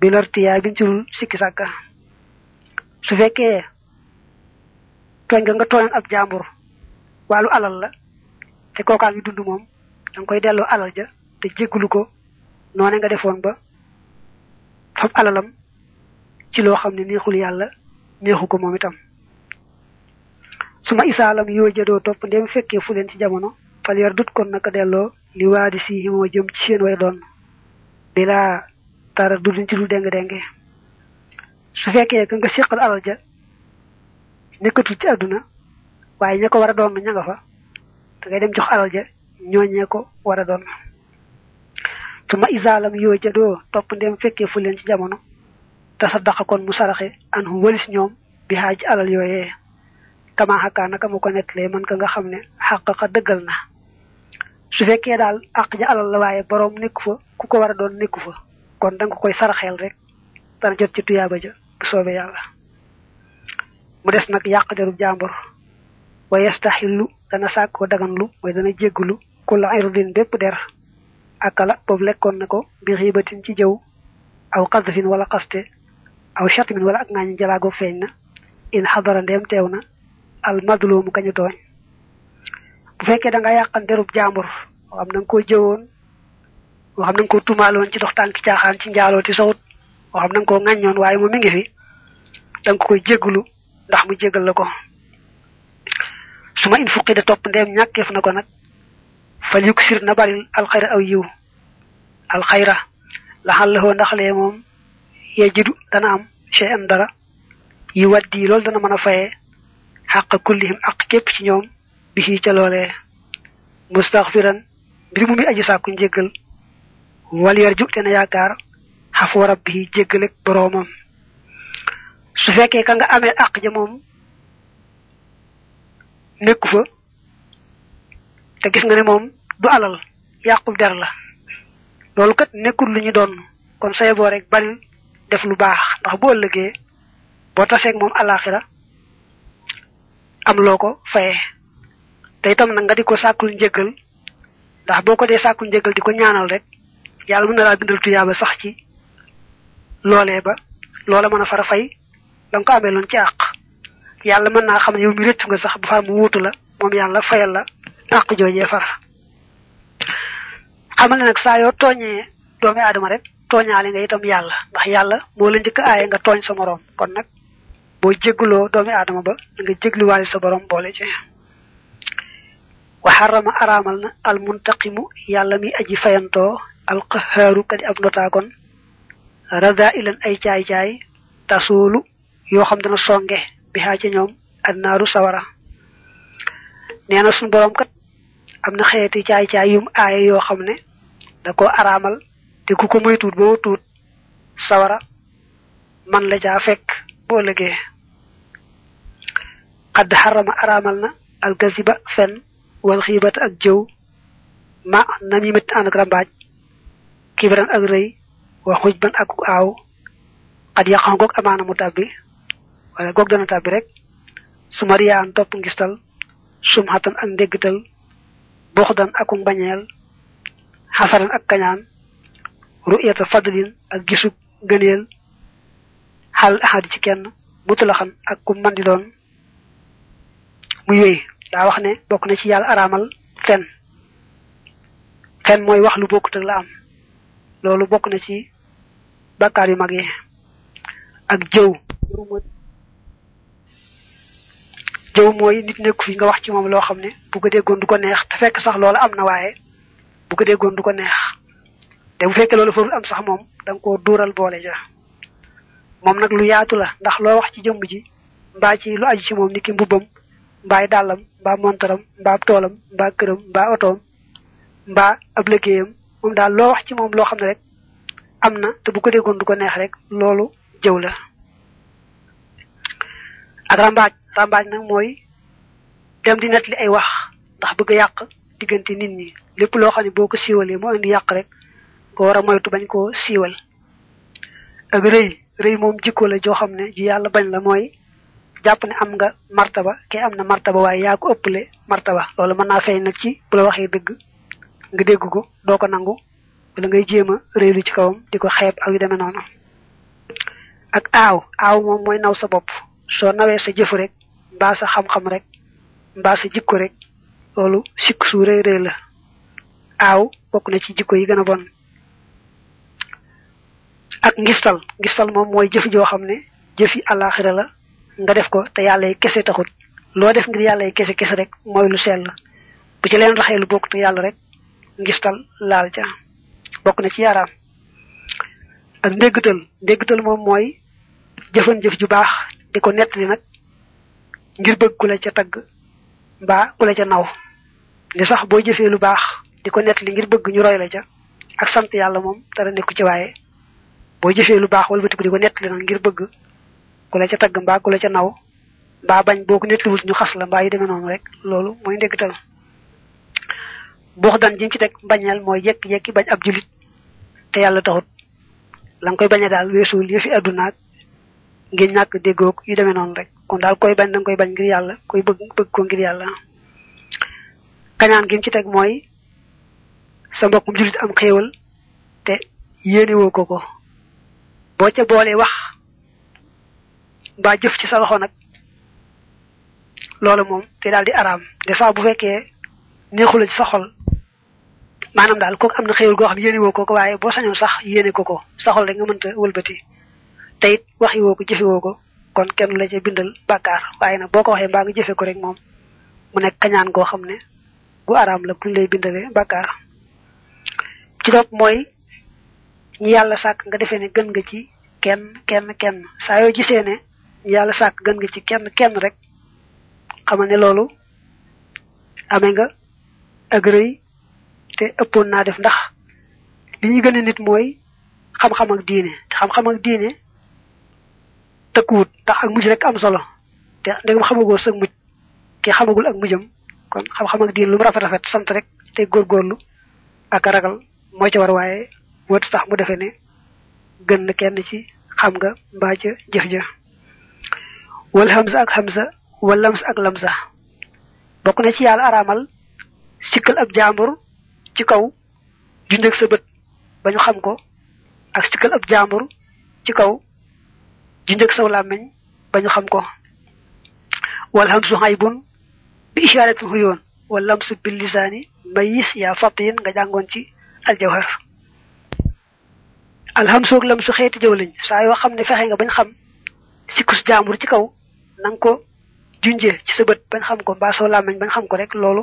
bi lartiyaa biñ ci dul sikki sàkka su fekkee tooñ nga nga tooñoon ab jàmbur wàllu alal la te kookaa ngi dund moom danga koy delloo alal ja te jéggulu ko noone nga defoon ba fab alalam ci loo xam ne neexul yàlla neexu ko moom itam su ma isaalam yoo jëdoo topp ndem fekkee fu leen ci jamono fal yar dut kon naka delloo li di si moo jëm ci seen way doon bilaa tara duduñ ci dul déng-dénge su fekkee ka nga séqal alal ja nekkatul ci àdduna waaye ña ko war a doon ña nga fa da ngay dem jox alal ja ñooñee ko war a doon su ma isaalam yoo jëdoo topp ndem fekkee fu leen ci jamono te sa daqa kon mu saraxe an walis ñoom bi xaaj alal yooyee kamaa xakkaa naka mu ko nettalee man ka nga xam ne xàqaqa dëggal na su fekkee daal àq ja alal la waaye boroom nekku fa ku ko war a doon nekku fa kon danga ko koy saraxeel rek dana jot ci tuyaaba ja bu soobee yàlla mu des nag yàq derub jàmbur wa yastaxillu dana sàkkoo daganlu mooy dana jégglu kula irdin bépp der akala boobu lekkoon na ko bi xiibatin ci jëw aw xasfin wala xaste aw chatmin wala ak ngaañ jalaago feeñ na in xadara ndeem teew na al madloomu kañu tooñ bu fekkee da nga yàqan derub jàmbur moo xam na ko jëwoon moo xam na nga ko tumaaloon ci dox tànk caaxaan ci njaaloo ti sowut moo xam na nga ko ŋàññoon waaye moom mi ngi fi da nga koy jégglu ndax mu jéggal la ko su ma in fuqi da ndeem ñàkkeef na ko nag fal yuksir na baril alxayra aw yiw alxayra laxal la ndax lee moom yejidu dana am chey an dara yi waddi loolu dana mën a fayee xàq kullihim ak képp ci ñoom bi ci ca loolee mustaxfiran mbir mu muy aji sàkku njéggal wal yarju ju na yaakaar xafu warab bi jéggal ak boroomam su fekkee ka nga amee àq ja moom nekku fa te gis nga ne moom du alal yàqub der la loolu kat nekkul lu ñu doon kon say boo rek bari def lu baax ndax boo ëllëgee boo taseeg moom alaaxira am loo ko fayee te itam nag nga di ko sàkkul njëggal ndax boo ko dee sàkkul njëggal di ko ñaanal rek yàlla mën na laa bindal tuyaaba sax ci loolee ba loola mën a fara fay la nga ko amee ci àq yàlla mën naa xam ne yow mi rëccu nga sax bu far mu wuutu la moom yàlla fayal la àq joojee far xamal la nag saa yoo tooñee doomi aadama rek tooñaale nga itam yàlla ndax yàlla moo la njëkk aaye nga tooñ sa moroom boo jégloo doomi aadama ba da nga jégluwaale sa borom boole ci waxarama araamal na almuntaqimu yàlla mi aji fayantoo alqahaaru kadi ab notaagon rada ilan ay caay-caay tasoolu yoo xam dana songe bi xaa ci ñoom annaaru sawara nee na suñu borom kat am na xeeti caay-caay yum aaye yoo xam ne da ko araamal te ku ko muy tuut boo tuut sawara man la caa boo lëgee xadd xarama araamal na alkasiba fen wal xiibat ak jëw ma namimat ànd ak rambaaj kibaran ak rëy wa xuj ban ak aaw xat yàqan goog amaana mu tàbbi wala goog dana tàbbi rek su riyaan topp ngistal sumxatan ak ndéggtal buxdan ak mbañeel xasaran ak kañaan ru'yata fadlin ak gisub gëneel xal ahad ci kenn xam ak ku mën di doon muy wéy daa wax ne bokk na ci yàlla araamal fen fen mooy wax lu bokkut la am loolu bokk na ci bàkkaar yu mag yi ak jëw jëw mooy nit nekku fi nga wax ci moom loo xam ne bu ko déggoon du ko neex te fekk sax loolu am na waaye bu ko déggoon du ko neex te bu loolu foofu am sax moom danga koo duural boole ja moom nag lu yaatu la ndax loo wax ci jëmm ji mbaa ci lu aju ci moom ni ki mbubbam mbaay dàllam mbaa montaram mbaa toolam mbaa këram mbaa otoom mbaa ab liggéeyam moom daal loo wax ci moom loo xam ne rek am na te bu ko déggoon du ko neex rek loolu jëw la ak rambaaj rambaaj nag mooy dem di nettali ay wax ndax bëgg yàq diggante nit ñi lépp loo xam ne boo ko siwalee moo indi yàq rek ko war a moytu bañ koo siiwal ak rëy rëy moom jikko la joo xam ne ju yàlla bañ la mooy jàpp ne am nga martaba kay am na martaba waaye yaa ko ëppale martaba loolu mën naa feeñ nag ci bu la waxee dëgg nga dégg ko doo ko nangu wala ngay jéem a réylu ci kawam di ko xeeb ak yu demee noonu ak aaw aaw moom mooy naw sa bopp soo nawee sa jëfu rek mbaa sa xam-xam rek mbaa sa jikko rek loolu sikk su rëy rëy la aaw bokk na ci jikko yi gën a bon ak ngistal ngistal moom mooy jëf joo xam ne jëfi àllaaxira la nga def ko te yàlla yi kese taxut loo def ngir yàlla yi kese kese rek mooy lu sell bu ci leen raxee lu bokk te yàlla rek ngistal laal ca bokk na ci yaaraam ak ndéggtal ndéggtal moom mooy jëfan jëf ju baax di ko nett li nag ngir bëgg ku la ca tagg mbaa ku la ca naw ni sax boo jëfee lu baax di ko li ngir bëgg ñu roy la ca ak sant yàlla moom dara nekku ci waaye boo jëfee lu baax wala bëtiku di ko nettali nag ngir bëgg ku la ca tagg mbaa ku la ca naw mbaa bañ boo ko nettaliwul ñu xas la mbaa yi demee noonu rek loolu mooy ndéggtal boo daan jëm ci teg mbañal mooy jekki-jekki bañ ab julit te yàlla taxut la koy bañ a daal weesuwul yëfi àddunaak ngir ñàkk déggoog yu demee noonu rek kon daal koy bañ da koy bañ ngir yàlla koy bëgg bëgg ko ngir yàlla kañaan gi mu ci teg mooy sa mbokkum julit am xéewal te yéenewoo ko ko boo ca boolee wax mbaa jëf ci sa loxo nag loolu moom te daal di araam de saa bu fekkee neexula ci sa xol maanaam daal kooku am na xéewal goo xam yéene woo ko ko waaye boo sañoon sax yéene ko ko sa xol rek nga mënta walbati te it waxi woo ko jëfe woo ko kon kenn la ca bindal bàkkaar waaye nag boo ko waxee mbaa nga jëfe ko rek moom mu nekk kañaan goo xam ne gu araam la bu ñu lay bindalee bàkkaar ci mooy ñi yàlla sàkk nga defee ne gën nga ci kenn kenn kenn saa yoo gisee ne yàlla sàkk gën nga ci kenn kenn rek xamal ne loolu amee nga ak te ëppoon naa def ndax li ñu gën nit mooy xam-xam ak diine te xam-xam ak diine tëkkuwut ndax ak mujj rek am solo te ndegam xamagoo sag mujj ki xamagul ak mujjam kon xam-xam ak diine lu rafet rafet sant rek te góorgóorlu ak ragal moo ci watu tax mu defe ne gën na kenn ci xam nga mbaa ca jëf ja wal hamza ak hamza wal lams ak lamsa bokk na ci yàlla araamal sikkal ab jaambur ci kaw jundeeg sa bët ba ñu xam ko ak sikkal ci kaw jundeeg saw làmmiñ ba xam ko wal hamsu haybun bi ishaaratin huyoon wal lamsu bil lisaani mayis yaa fatiyin nga jàngoon ci aljawhar alham soog lam su xeeti jëw lañ saa yoo xam ne fexe nga bañ xam sikkus jaambur ci kaw na nga ko junjee ci sa bët bañ xam ko mbaa soo làmmiñ bañ xam ko rek loolu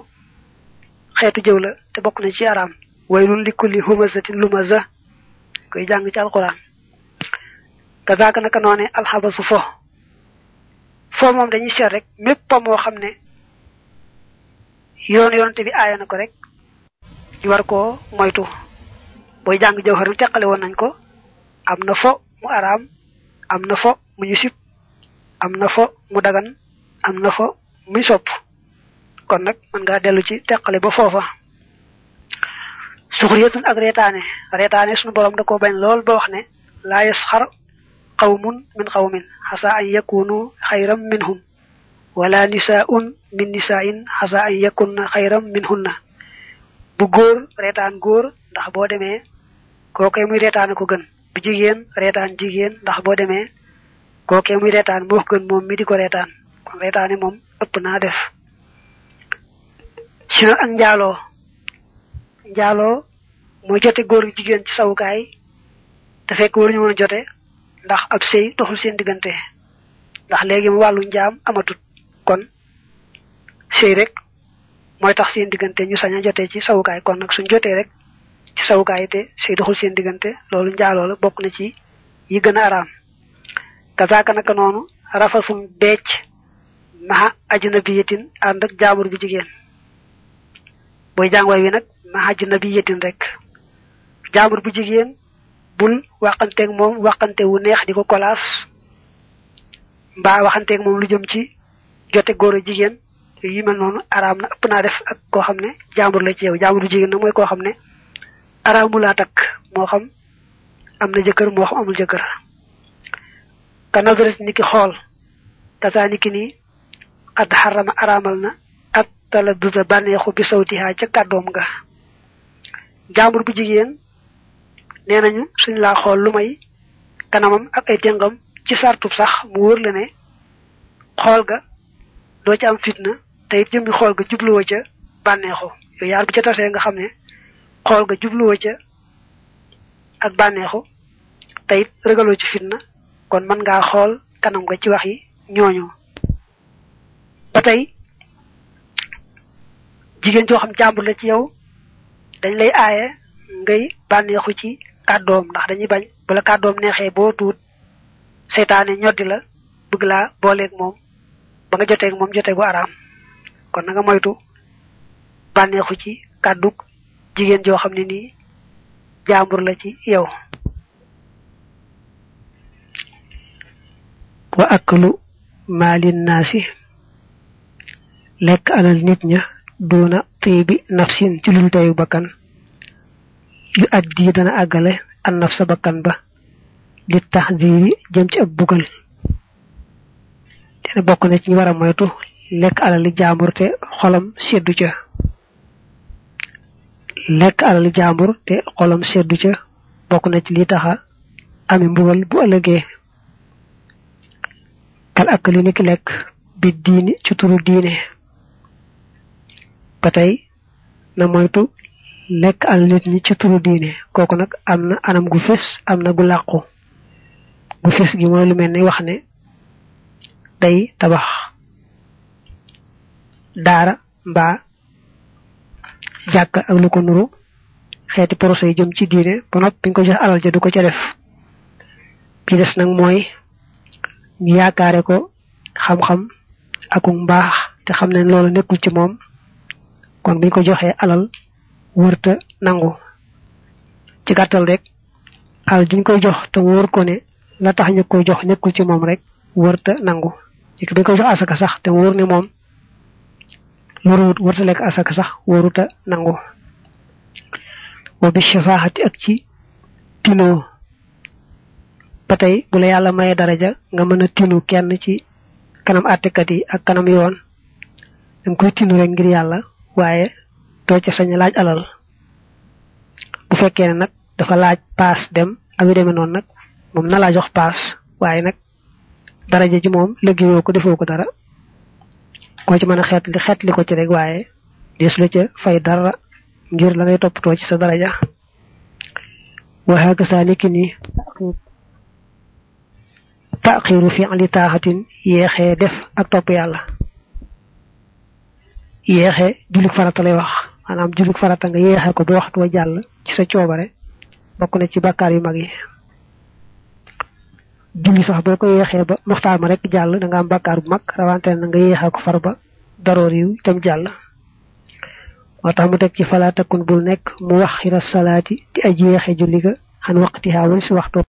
xeetu jëw la te bokk na ci araam waylun li kulli humazatin lumaza koy jàng ci alquran kazaaka naka noo ne alxabasu fo foo moom dañuy seet rek mépp moo xam ne yoon yoonte bi aaya na ko rek ñu ko koo moytu booy jàng jawhar bi teqale woon nañ ko am na fo mu araam am na fo mu ñu sib am na fo mu dagan am na fo muy sopp kon nag mën ngaa dellu ci teqale ba foofa suxriyatun ak reetaane reetaane suñu borom da ko bañ lool ba wax ne laa yasxar qawmun min qawmin xasa an yakunu xayram minhum wala nisaun min nisain xasa an yakunna xayram na bu góor reetaan góor ndax boo demee kookee muy reetaan ko gën bu jigéen reetaan jigéen ndax boo demee kookee muy reetaan moo gën moom mi di ko reetaan kon reetaane moom ëpp naa def ci nag ak njaaloo njaaloo mooy jote góor gi jigéen ci sawukaay te fekk waruñu woon a jote ndax ab sëy doxul seen diggante ndax léegi mu wàllu njaam amatut kon sëy rek mooy tax seen diggante ñu sañ a jotee ci sawukaay kon nag suñ jotee rek ci sawukaay te suy doxul seen diggante loolu njaaloo la bokk na ci yi gën a araam kasaaka naka noonu rafasum becc maha ajnabiyatin ànd ak jaamur bu jigéen booy jàngooy wi nag maha ajnabiyatin rek jaamur bu jigéen bul waxanteeg moom waxante wu neex di ko kolaas mbaa waxanteeg moom lu jëm ci jote góor a jigéen yi mel noonu araam na ëpp naa def ak koo xam ne jaamur la ci yow jaamur bu jigéen nag mooy koo xam ne araamu laa takk moo xam am na jëkkër moo xam amul jëkkër ka nazaret xool kasaa ni ki nii at xarama araamal na at tala dusa bànneexu bi sawtihaa ca kàddoom ga jaambur bu jigéen nee nañu suñ laa xool lu may kanamam ak ay jëngam ci sartub sax mu wër la ne xool ga doo ci am fitna te it jëmmi xool ga jubluwoo ca bànneexu yooyu yaar bu ca tasee nga xam ne xool nga jubluwo ca ak bànneexu te it ci fitna kon mën ngaa xool kanam nga ci wax yi ñooñu ba tey jigéen joo xam jàmbur la ci yow dañ lay aaye ngay bànneexu ci kàddoom ndax dañuy bañ bu la kàddoom neexee boo tuut seytaane ñoddi la bëgg laa booleeg moom ba nga joteeg moom joteegu araam kon na nga moytu bànneexu ci kàddug jigéen joo xam ne ni jaambur la ci yow wa aklu maalin naasi lekk alal nit ña duuna tiibi nafsin ci lul teyu bakkan yu addi dana àggale an naf sa bakkan ba li tax diiri jëm ci ak bugal te bokk na ci ñu war a moytu lekk alal li jaambur te xolam seddu ca lekk alalu jàmbur te xolam seddu ca bokk na ci li taxa ami mbugal bu ëllëgee kal ak li lekk bi diini ci turu diine ba tey na moytu lekk al nit ñi ci turu diine kooku nag am na anam gu fés am na gu làqu gu fés gi mooy lu mel ni wax ne day tabax daara mbaa jàkk ak lu ko nuru xeeti projet yi jëm ci diine ba noppi bi ñu ko jox alal ja du ko ca def bi des nag mooy ñu yaakaare ko xam-xam ak baax te xam ne loolu nekkul ci moom kon bi ñu ko joxee alal wërta nangu ci gàttal rek alal juñ koy jox te wër ko ne la tax ñu koy jox nekkul ci moom rek wërta nangu ci bi ñu koy jox asaka sax te wóor ne moom waruwut warta lekk asaka sax waruta nangu wa bi shafaahati ak ci tinoo ba tey bu la yàlla maye daraja nga mën a tinu kenn ci kanam àttekat yi ak kanam yoon danga koy tinu rek ngir yàlla waaye doo ca sañ laaj alal bu fekkee ne nag dafa laaj paas dem ak yu demee noonu nag moom na laa jox paas waaye nag daraja ji moom liggéeyoo ko defoo ko dara koo ci mën a xeet li xeet ko ci rek waaye dees la ca fay dara ngir la ngay toppatoo ci sa daraja waxaaka saa nekki ni taxiru fi ali taaxatin yeexee def ak topp yàlla yeexe jullik farata lay wax maanaam jullik farata nga yeexe ko ba waxtu wa jàll ci sa coobare bokk na ci bàkkaar yu mag yi julli sax boo ko yeexee ba waxtaan ma rek jàll da nga am bàkkaar bu mag rawante na nga yeexee ko far ba daroor yi tam jàll moo tax mu teg ci falaa takkun bul nekk mu wax xira salaati di aj yeexe julli ga xan waqtihaa wala si waxtu